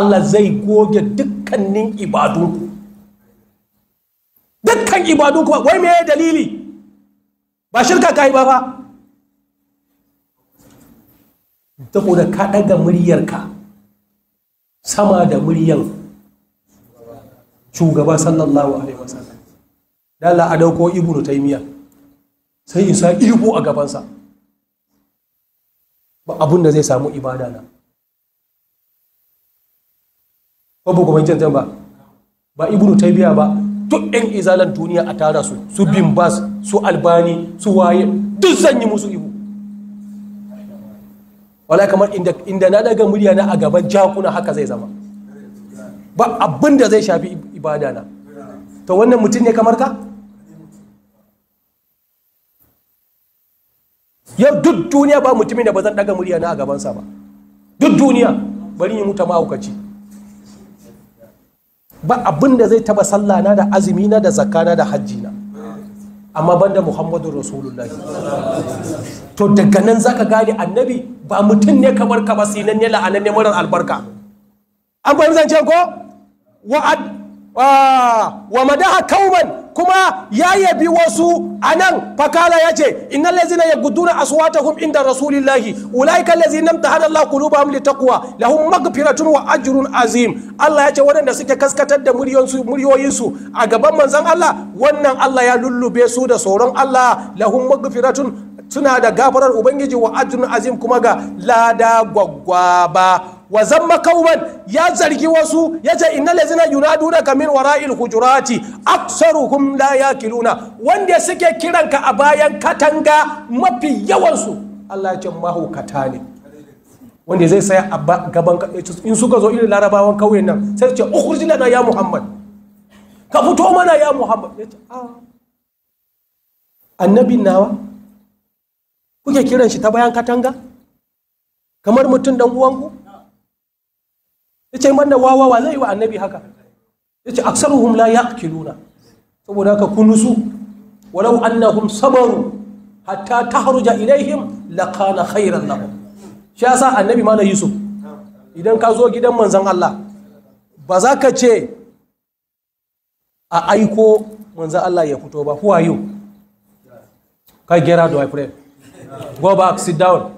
Allah zai goge dukkanin ibadunku dukkan ibadunku wai me dalili ba shirka ka yi ba fa saboda ka daga muryarka sama da muryar shugaba sallallahu alaihi wasallam dala a dauko ibnu taymiyyah sai isa ihu a gabansa ba abun da zai samu ibada na ba ba kuma can ba ba ibnu taibiya ba duk ɗan izalan duniya a tara su su bin bas su albani su waye duk zan musu ihu wala kamar inda na daga murya na a gaban jakuna haka zai zama ba abin da zai shafi ibada na to wannan mutum ne kamar ka yau duk duniya ba mutumin da ba zan daga murya na a gabansa ba duk duniya bari yi muta mahaukaci ba abin da zai taba sallah na da azumi na da zakana da hajji na amma da muhammadu rasulullahi to daga nan zaka gane annabi ba mutum ne kamar ka ba nan ne la'anan ne murar albarka an fahimci zance ko ah, wa madaha kauman kuma ya yabi wasu a nan fakala ya ce innal ladzina yaguduna aswatahum inda rasulillahi ulaika ta imtahana Allah mu litaqwa lahum maghfiratun wa ajrun azim Allah ya ce waɗanda suke kaskatar da muryoyinsu a gaban manzon Allah wannan Allah ya lullube su da tsoron Allah lahum maghfiratun suna da gafarar ubangiji wa ajrun azim kuma ga lada gwaggwaba wa zamma kauman ya zargi wasu ya ce inna lazina yunaduna kamin min wara'il hujurati aksaruhum la yaqiluna wanda suke kiranka a bayan katanga mafi yawansu Allah ya ce mahaukata ne wanda zai saya a gaban in suka zo irin larabawan kauyen nan sai ce ukhruj lana ya muhammad ka fito mana ya muhammad ya ce ah. annabin nawa kuke kiran shi ta bayan katanga kamar mutum dan uwanku yace manna wawa wa zai wa annabi haka yace aksaruhum la yaqiluna saboda haka kunusu walau annahum sabaru hatta ta tahruja ilaihim lakana khairan lahum shi ya sa annabi ma na yusuf idan ka zo gidan manzan Allah ba za ka ce a aiko manzan Allah ya fito ba who are you ka gera do i friend go back sit down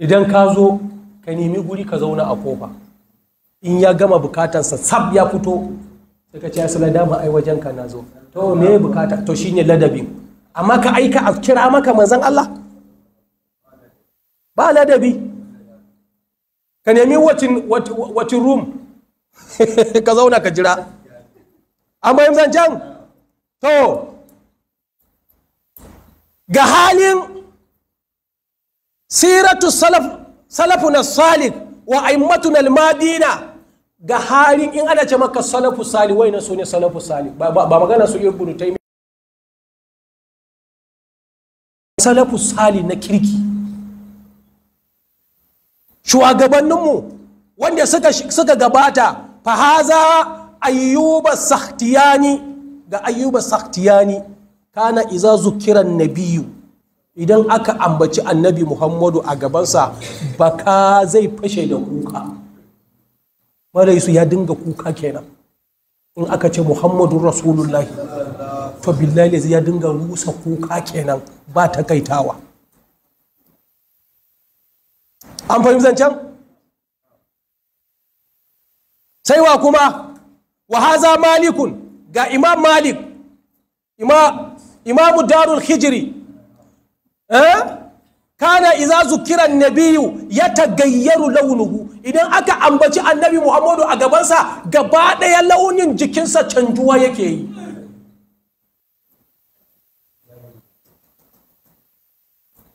idan ka zo ka nemi guri ka zauna a kofa in ya gama bukatansa sab ya fito sai ka ce ya sala dama ai wajen ka na zo to me bukata to shine ladabin amma ka aika a kira maka manzan Allah ba ladabi ka nemi watin watin room ka zauna ka jira An yin zancen to ga halin siratu salaf na salih wa aimmatuna almadina ga halin in ana ce maka salafu salih wai na su ne salafu salih ba magana su ibnu taymiya salafu salih na kirki shugabanninmu wanda suka suka gabata fahaza ayyuba sahtiyani ga ayyuba sahtiyani kana iza zukiran nabiyu idan aka ambaci annabi muhammadu a gabansa baka zai fashe da kuka maraisu ya dinga kuka kenan in aka ce Muhammadu rasulullahi to billahi ya dinga rusa kuka kenan ba ta kaitawa. an fahimci zancen sai wa kuma wa haza malikun ga imam malik imamu darul hijiri Eh? kana iza zukiran nabiyu ya tagayyaru launuhu idan aka ambaci annabi muhammadu a gabansa gaba ɗaya launin jikinsa canjuwa yake yi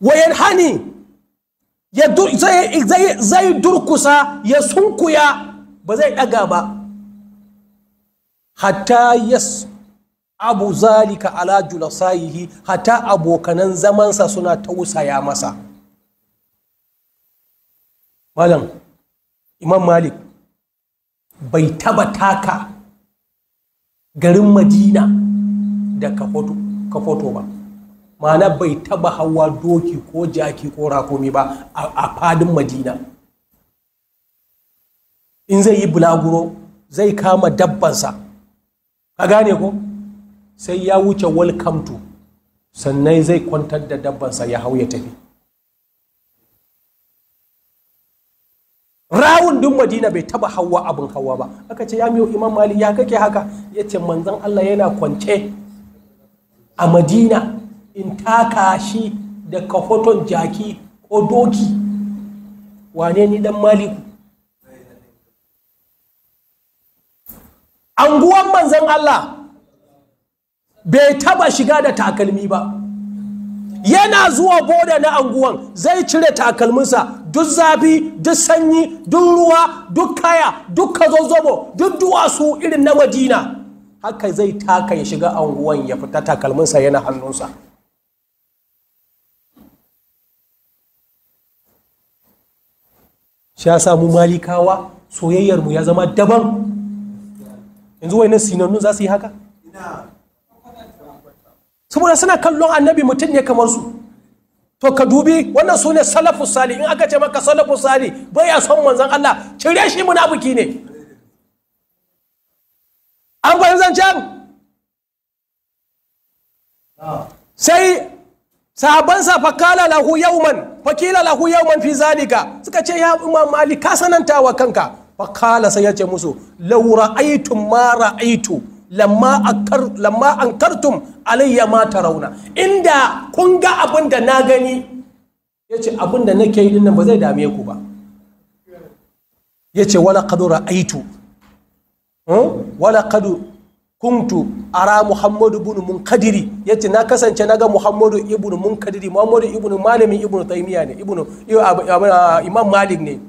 wayan hani zai durkusa ya sunkuya ba zai ɗaga ba hatta yas abu zalika ala julasayihi hatta abokanan zamansa suna tausaya masa malam imam malik bai taba taka garin madina da kafoto ba mana bai taba hawa doki ko jaki ko rakomi ba a fadin madina in zai yi bulaguro zai kama dabbansa ka gane ko sai ya wuce welcome to sannan zai kwantar da dabbansa ya hau ya tafi rawun dun madina bai taba hawa abin hawa ba aka ce ya miyo imam mali ya kake haka ya ce manzan allah yana kwance a madina in taka shi da kafoton jaki ko doki wane ni dan maliku anguwan manzan allah bai taba shiga da takalmi ba yana zuwa boda na anguwan zai cire takalminsa duk zafi duk sanyi duk ruwa duk kaya duk kazozzobo duk duwatsu irin na madina haka zai taka ya shiga anguwan ya fita takalminsa yana hannunsa sha samu malikawa soyayyarmu ya zama daban yanzu wainan sinannu za su yi haka? saboda suna kallon annabi mutum ne kamar su to ka dubi wannan su ne salafu sali in aka ce maka salafu sali bai a son manzan Allah cire shi munafiki ne an fahimci zancen sai sahabban sa fakala lahu man fakila lahu man fi zalika suka ce ya imam mali ka wa kanka fakala sai ya ce musu laura aitu ma lamma an kartum alayya ma rauna. inda kun ga abin da na gani ya ce abin da nake yi dinnan ba zai dame ku ba ya ce wala kadura aitu wala kadu kuntu ara muhammadu ibn munkadiri ya ce na kasance na ga muhammadu ibn munkadiri muhammadu ibn malamin ibn taimiyya ne ibn imam malik ne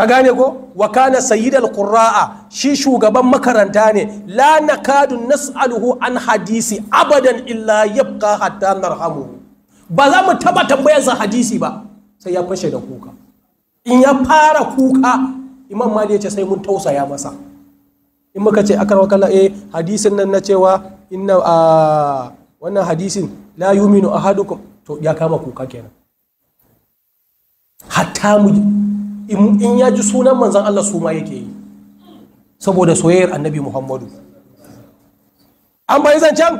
ka gane ko wa kana sayyidal qurra'a shi shugaban makaranta ne la nakadu nas'aluhu an hadisi abadan illa yabqa hatta narhamu ba za mu taba tambayar sa hadisi ba sai ya fashe da kuka in ya fara kuka imam mali ya ce sai mun tausaya masa in muka ce akar wakala eh hadisin nan na cewa inna a wannan hadisin la yuminu ahadukum to ya kama kuka kenan hatta mu in ya ji sunan manzan Allah su ma yake yi saboda soyayyar annabi Muhammadu an bai zancen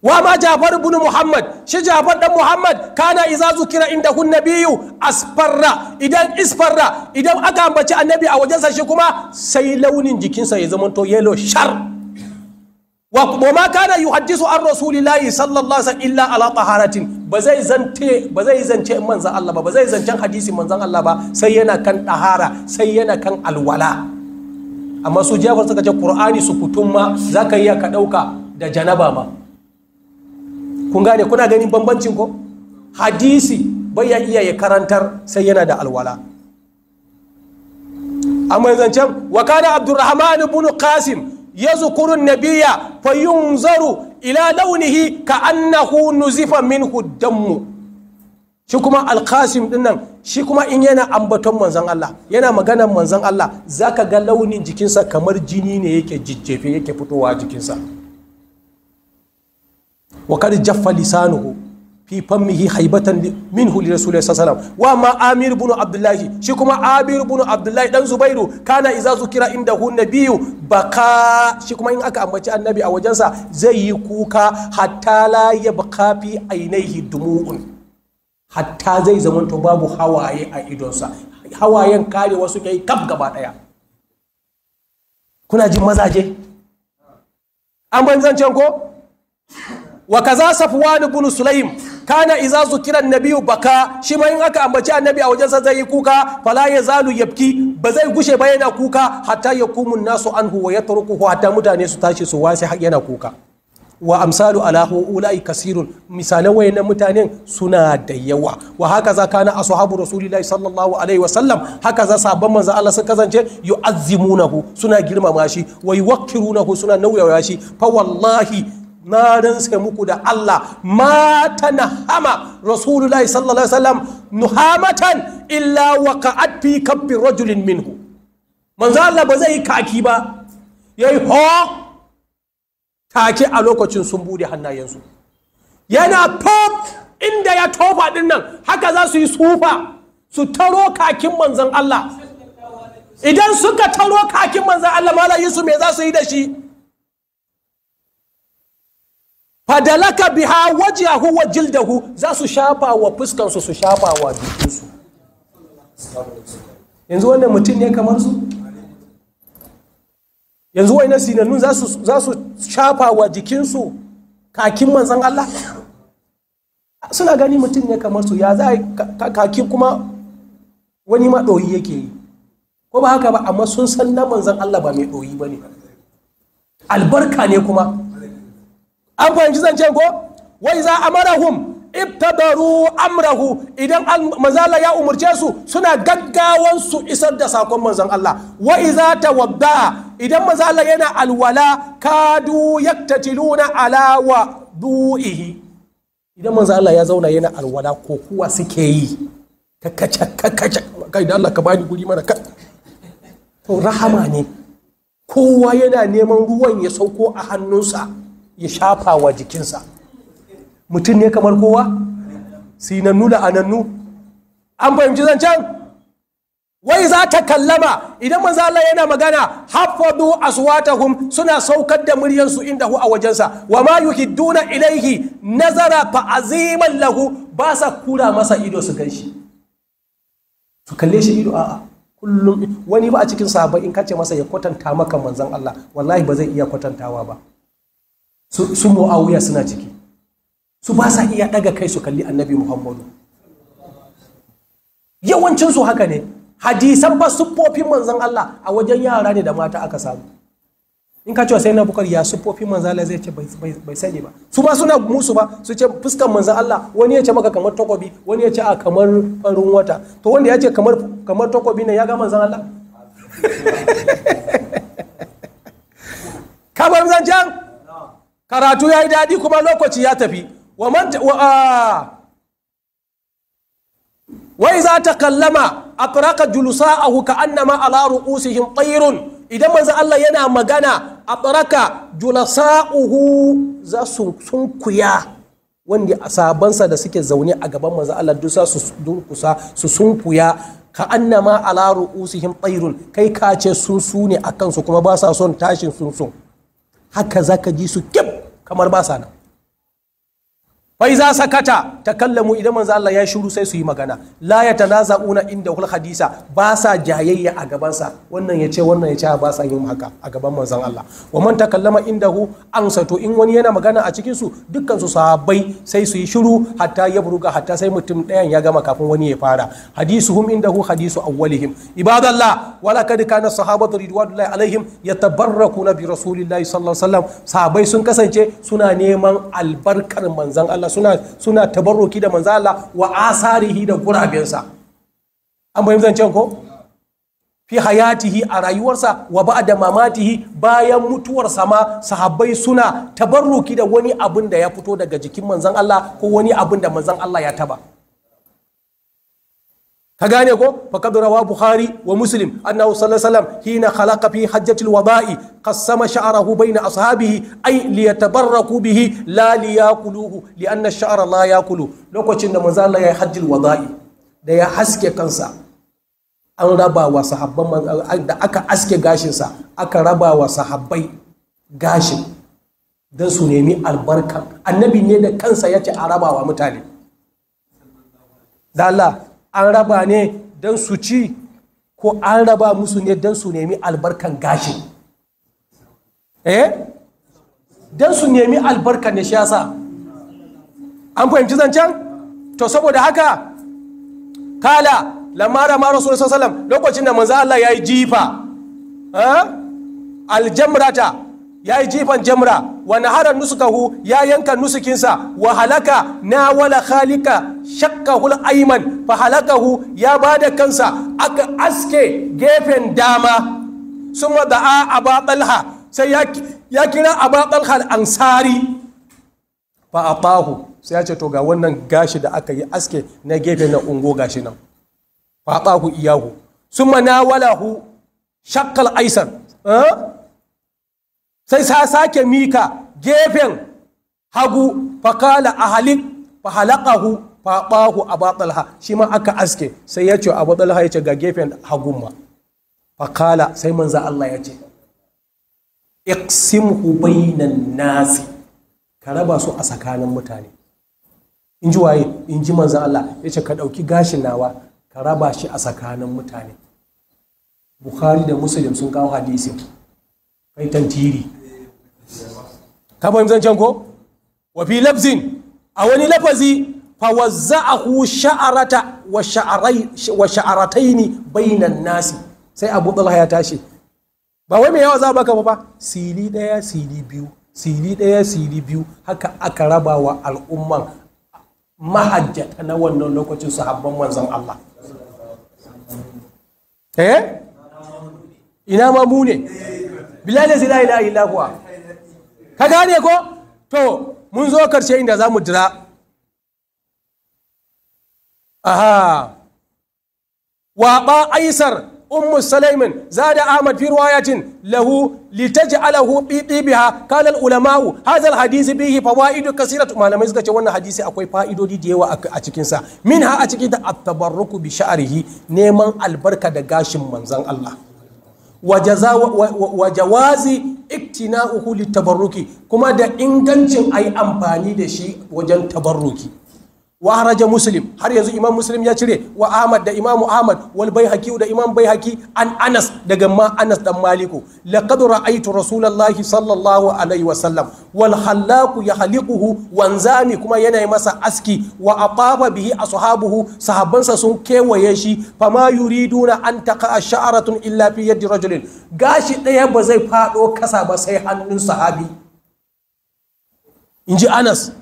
wa ma Jafar ibn Muhammad shi Jafar dan Muhammad kana iza zukira inda hun nabiyu asfarra idan isfarra idan aka ambaci annabi a wajensa shi kuma sai launin jikinsa ya to yellow shar wa ma kana yuhaddisu an rasulillahi sallallahu alaihi illa ala taharatin ba zai zance ba zai zance manzan Allah ba ba zai zancen hadisi manzan Allah ba sai yana kan tahara sai yana kan alwala amma su jafar suka ce qur'ani su kutun ma zaka iya ka dauka da janaba ma kun gane kuna ganin bambancin ko hadisi bai ya iya ya karantar sai yana da alwala amma zancen wa kana abdurrahman ibn qasim يذكر النبي فينظر إلى لونه كأنه نزف منه الدم shi kuma alkasim din shi kuma in yana ambaton manzan Allah yana maganan manzan Allah zaka ga launin jikinsa kamar jini ne yake jijjefe yake fitowa jikinsa wa kad jaffa lisanuhu fi fammihi haibatan minhu li rasulullahi sallallahu alaihi wa ma amir ibn abdullahi shi kuma amir ibn abdullahi dan zubairu kana idza zukira biyu nabiyyu baka shi kuma in aka ambaci annabi a wajensa zai yi kuka hatta la yabqa fi ainihi dumu'un hatta zai zamanto babu hawaye a idonsa hawayen kare wasu kai kaf gaba daya kuna jin mazaje an banzancen ko wa kaza safwan ibn sulaim kana idza zukira an-nabiyyu baka shi ma in aka ambaci annabi a wajen sa zai kuka fala yazalu yabki ba zai gushe ba yana kuka Hata yakumu an-nasu anhu wa yatrukuhu hatta mutane su tashi su wasi yana kuka wa amsalu alahu ulai kasirun misalan wayannan mutanen suna da yawa wa haka za kana ashabu rasulillahi sallallahu alaihi wasallam haka za sabon manzo Allah sun kasance nahu? suna girmama shi wa yuwakkirunahu suna nauyaya shi fa wallahi na ransa muku da Allah mata hama rasulullahi sallallahu alaihi wasallam nuhamatan illa waqa'at fi kabbi rajulin minhu manzo Allah ba zai kaki ba yayi ho kaki a lokacin sun bude hannayensu yana pop inda ya tofa din nan haka za su yi sufa su taro kakin manzon Allah idan suka taro kakin manzon Allah malaminsu me za su yi da shi fadalaka biha wajahu wa jildahu za su shafa wa fuskansu su shafa wa jikinsu yanzu wannan mutum ne kamar su yanzu wani na za su shafa wa jikinsu kakin manzan Allah suna gani mutum ne kamar su ya za kakin kuma wani ma ɗoyi yake yi ko ba haka ba amma sun san na manzan Allah ba mai ɗoyi ba ne albarka ne kuma an fahimci zance ko wai za amarahum ibtadaru amrahu idan manzala ya umurce su suna gaggawan su isar da sakon manzon Allah wa iza tawadda idan manzala yana alwala kadu yaktatiluna ala wa du'ihi idan manzon Allah ya zauna yana alwala ko kuwa suke yi kakace kakace kai da Allah ka bani guri mana ka to rahama ne kowa yana neman ruwan ya sauko a hannunsa ya shafa wa jikinsa mutum ne kamar kowa sinannu da anannu an fahimci zancen wai za ta kallama idan manzo Allah yana magana hafadu aswatahum suna saukar da su inda hu a wajensa wa ma yuhidduna ilaihi nazara fa aziman lahu ba sa kura masa ido su gan shi su kalle shi ido a'a kullum wani ba a cikin sahabbai in kace masa ya kwatanta maka manzon Allah wallahi ba zai iya kwatantawa ba su mu'awiya suna ciki su ba sa iya ɗaga kai su kalli annabi muhammadu yawancinsu haka ne hadisan ba siffofin manzan Allah a wajen yara ne da mata aka samu in ka cewa sai na bukar ya siffofin manzan Allah zai ce bai sani ba su ba suna musu ba su ce fuskan manzan Allah wani ya ce maka kamar takobi wani ya ce a kamar farin wata to wanda ya ce kamar takobi ne ya ga manzan Allah kamar zancen karatu ya yi daɗi kuma lokaci ya tafi wa wai za ta kallama a ƙaraka julusa a huka annama ala ru'usihim ƙairun? idan manzan Allah yana magana a julusa uhu za su sunkuya wanda sabansa da suke zaune a gaban manzan Allah dusa su dunkusa su sunkuya ka annama ala ru'usihim ƙairun, kai ka ce sun su ne a kansu kuma ba sa son tashin sun sun haka zaka ji su kyau kamar ba sa nan wai za sakata takallamu idan manzo Allah ya shiru sai su yi magana la na inda hul hadisa ba sa jayayya a gabansa. wannan ya ce wannan ya ce ba sa yin haka a gaban manzon Allah wa man takallama indahu ansato in wani yana magana a cikin su dukkan su sahabbai sai su yi shiru hatta ya buruga hatta sai mutum ɗayan ya gama kafin wani ya fara hadisu hadisuhum indahu hadisu awwalihim ibadallah wala kad kana sahabatu ridwanullahi alaihim yatabarrakuna bi rasulillahi sallallahu alaihi wasallam sahabbai sun kasance suna neman albarkar manzon Allah suna suna tabarruki da manzo Allah wa asarihi da gurabensa an bayyana zancen ko fi hayatihi a rayuwarsa wa ba'da mamatihi bayan mutuwar sama sahabbai suna tabarruki da wani abin da ya fito daga jikin manzon Allah ko wani abin da manzon Allah ya taba ka gane ko faqad rawa bukhari wa muslim annahu sallallahu alaihi wasallam hina khalaqa fi hajjatil wada'i qassama sha'rahu bayna ashabihi ay liyatabarraku bihi la liyakuluhu lianna ash-sha'ra la yakulu lokacin da manzo Allah ya hajjil wada'i da ya haske kansa an raba wa sahabban da aka aske gashinsa aka raba wa sahabbai gashin don su nemi albarka annabi ne da kansa ya ce a raba wa mutane da Allah an raba ne don su ci ko an raba musu ne don su nemi albarkan gashi eh don su nemi albarkan ne shi an fahimci zancen to saboda haka kala lamara ma rasul sallam lokacin da manzo Allah ya yi jifa eh, aljamrata ya yi jifan jamra wa naharar nusukahu ya yanka nusukinsa wa halaka na wala halika shakkahul aiman fa halakahu ya ba da kansa aka aske gefen dama sun wada a aba sai ya kira aba ansari fa tahu sai ya ce to ga wannan gashi da aka yi aske na gefe na ungo gashi nan fa tahu iyahu sun wala hu shakkal aisan sai sa sake mika gefen hagu fakala a halin fahalakahu faɓahu a batsalha shi ma aka aske sai ya ce a batsalha ya ce ga gefen hagun ma fakala sai manza Allah ya ce iksimhu bainan nasi ka raba su a tsakanin mutane in ji waye in ji manza Allah ya ce ka ɗauki gashin nawa ka raba shi a tsakanin mutane Bukhari da Muslim sun kawo hadisi. kai tantiri ka fahimtar zancen ko Wafi fi lafzin a wani lafazi fa ku sha'arata wa sha'aratai wa sha'arataini bainan nasi sai Abu Talha ya tashi ba wai mai yawa za baka ba ba sili daya sili biyu sili daya sili biyu haka aka raba wa al'umman mahajjata na wannan lokacin sahabban manzon Allah eh ina ma mu ne bilal la ilaha illa huwa ka gane ko to mun zo karshe inda za mu dira aha waɓa aisar ummu sulaiman zada ahmad fi riwayatin lahu litaj'alahu biha kana ulama'u hadha alhadith bihi fawaid kaseeratu malamai suka ce wannan hadisi akwai fa'idodi da yawa a cikin sa minha a cikin da at-tabarruku bi sha'rihi neman albarka da gashin manzon Allah wa jawazi iktina'uhu litabarruki kuma da ingancin ai amfani da shi wajen tabarruki wa haraja muslim har yanzu imam muslim ya cire wa ahmad da imamu ahmad wal baihaqi da imam baihaqi an anas daga ma anas dan maliku laqad ra'aytu rasulullahi sallallahu alaihi sallam wal halaku yahliquhu wanzami kuma yana masa aski wa ataba bihi ashabuhu sahabbansa sun kewaye shi fama yuriduna an taqa sha'ratun illa fi yadi rajulin gashi daya ba zai fado kasa ba sai hannun sahabi inji anas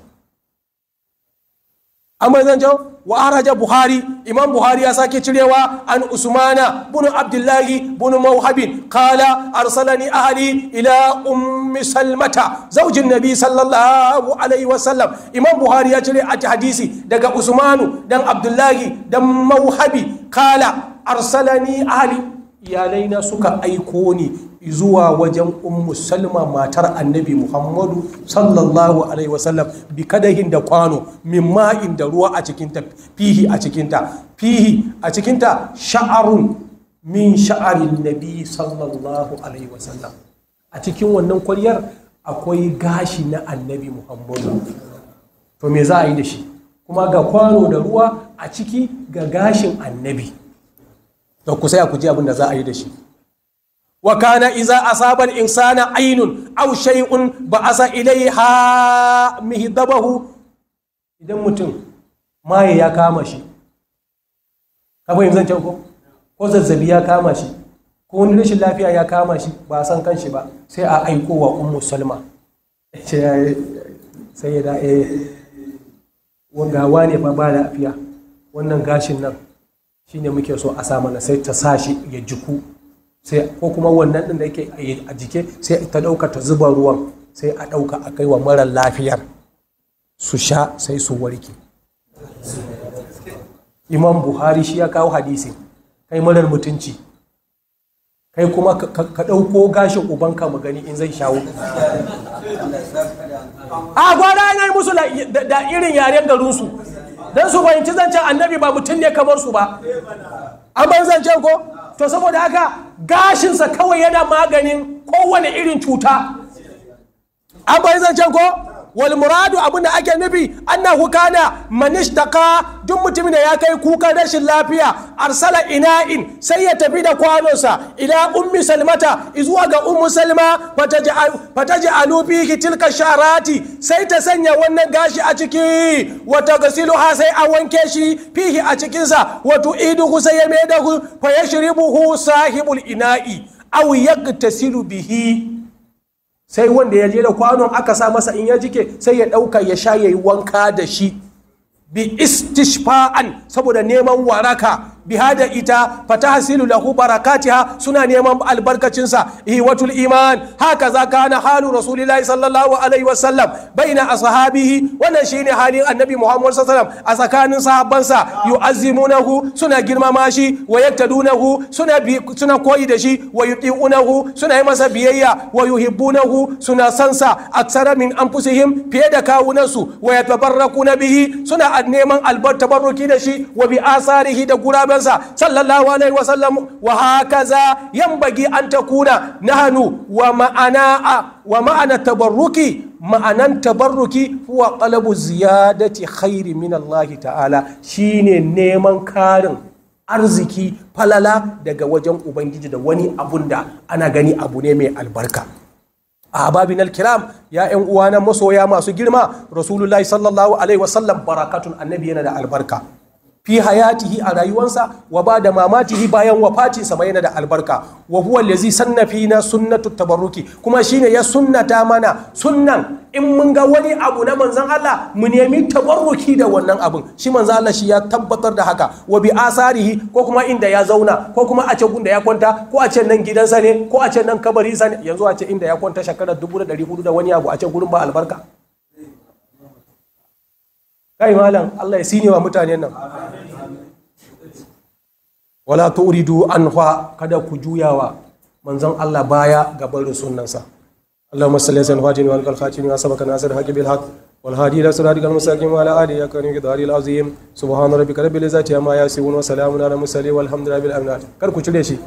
amma zan can wa araja buhari imam buhari ya sake cirewa an usmana bunu abdullahi bunu mawhabin kala arsalani ahli ila ummi salmata zaujin nabi sallallahu alaihi wasallam imam buhari ya cire a hadisi daga usmanu dan abdullahi dan mawhabi kala arsalani ahali Iyalai na suka aiko ni zuwa wajen ummu salma matar annabi muhammadu sallallahu alaihi wasallam bi kadahin da kwano min ma'in da ruwa a cikinta fihi a cikinta fihi a cikinta sha'arun min sha'arin nabi sallallahu alaihi wasallam a cikin wannan kwaryar akwai gashi na annabi muhammadu to me za a yi da shi kuma ga kwano da ruwa a ciki ga gashin annabi da ku sai ku ji abin da za a yi da shi wa kana iza asabal insana ainun aw shay'un asa ilaiha mihdabahu idan mutum maye ya kama shi ka fahimci zancen ko ko zazzabi ya kama shi ko wani rashin lafiya ya kama shi ba san kan shi ba sai a aiko wa ummu salma sai ya da eh Wanda wani ba ba lafiya wannan gashin nan Shi ne muke so a sa mana sai ta sa shi ya jiku sai ko kuma wannan din da yake a jike sai ta ɗauka ta zuba ruwan sai a ɗauka a kai wa mara lafiyar su sha sai su warke imam buhari shi ya kawo hadisi kai marar mutunci kai kuma ka ɗauko gashin ubanka mu gani in zai shawo a gwada yanar musu da irin yaren garinsu don su fahimci zancen annabi ba mutum ne kamar su ba an zancen ko to saboda haka gashinsa kawai yana maganin kowane irin cuta an zancen ko wal muradu abin da ake nufi annahu kana man duk mutumin da ya kai kuka rashin lafiya arsala ina'in sai ya tafi da kwanonsa ila ummi salmata zuwa ga ummu salma fataj'alu fihi tilka sharati sai ta sanya wannan gashi a ciki gasilu ha sai a wanke shi fihi a cikinsa wa tu'iduhu sai ya ku fa yashribuhu sahibul ina'i aw yagtasilu bihi sai wanda ya je da kwanon aka sa masa in ya jike sai ya ɗauka ya sha ya yi wanka da shi bi istishfa'an saboda neman waraka biha da ita fatahsilu lahu barakatiha suna neman albarkacin sa ihwatul iman haka za kana halu rasulillahi sallallahu alaihi wasallam baina ashabihi wannan shine halin annabi muhammad sallallahu alaihi wasallam a tsakanin sahabban sa yu'azzimunahu suna girmama shi wa yaktadunahu suna suna koyi da shi wa yuti'unahu suna yi masa biyayya wa yuhibbunahu suna sansa aksara min anfusihim fiye da kawunansu wa na bihi suna neman albar tabarruki da shi wa bi asarihi da gurab sahabbansa sallallahu alaihi wa sallam wa hakaza yambagi an takuna nahnu wa ma'ana wa ma'ana tabarruki ma'anan tabarruki huwa qalbu ziyadati khairi min Allah ta'ala shine neman karin arziki falala daga wajen ubangiji da wani abun da ana gani abu ne mai albarka ahbabin alkiram ya yan uwana masoya masu girma rasulullahi sallallahu alaihi wasallam barakatun annabi yana da albarka fi hayatihi a rayuwansa wa ba da mamatihi bayan wafati sama yana da albarka wa huwa allazi sanna na sunnatut tabarruki kuma shine ya sunnata mana sunnan in mun ga wani abu na manzon Allah mu nemi tabarruki da wannan abin shi manzon Allah shi ya tabbatar da haka wa bi asarihi ko kuma inda ya zauna ko kuma a ce gunda ya kwanta ko a ce nan gidansa ne ko a ce nan kabari sa ne yanzu a ce inda ya kwanta shekarar 1400 da wani abu a ce gurin ba albarka kai malam Allah ya sinewa wa mutanen nan wala turidu anha kada ku juyawa manzon Allah baya ga barin sunnansa Allahumma ala al-fatini wal khalfatini wa sabaka nasir haqi bil haqq wal hadi ila ya karim kidari al-azim subhana kar ku cire shi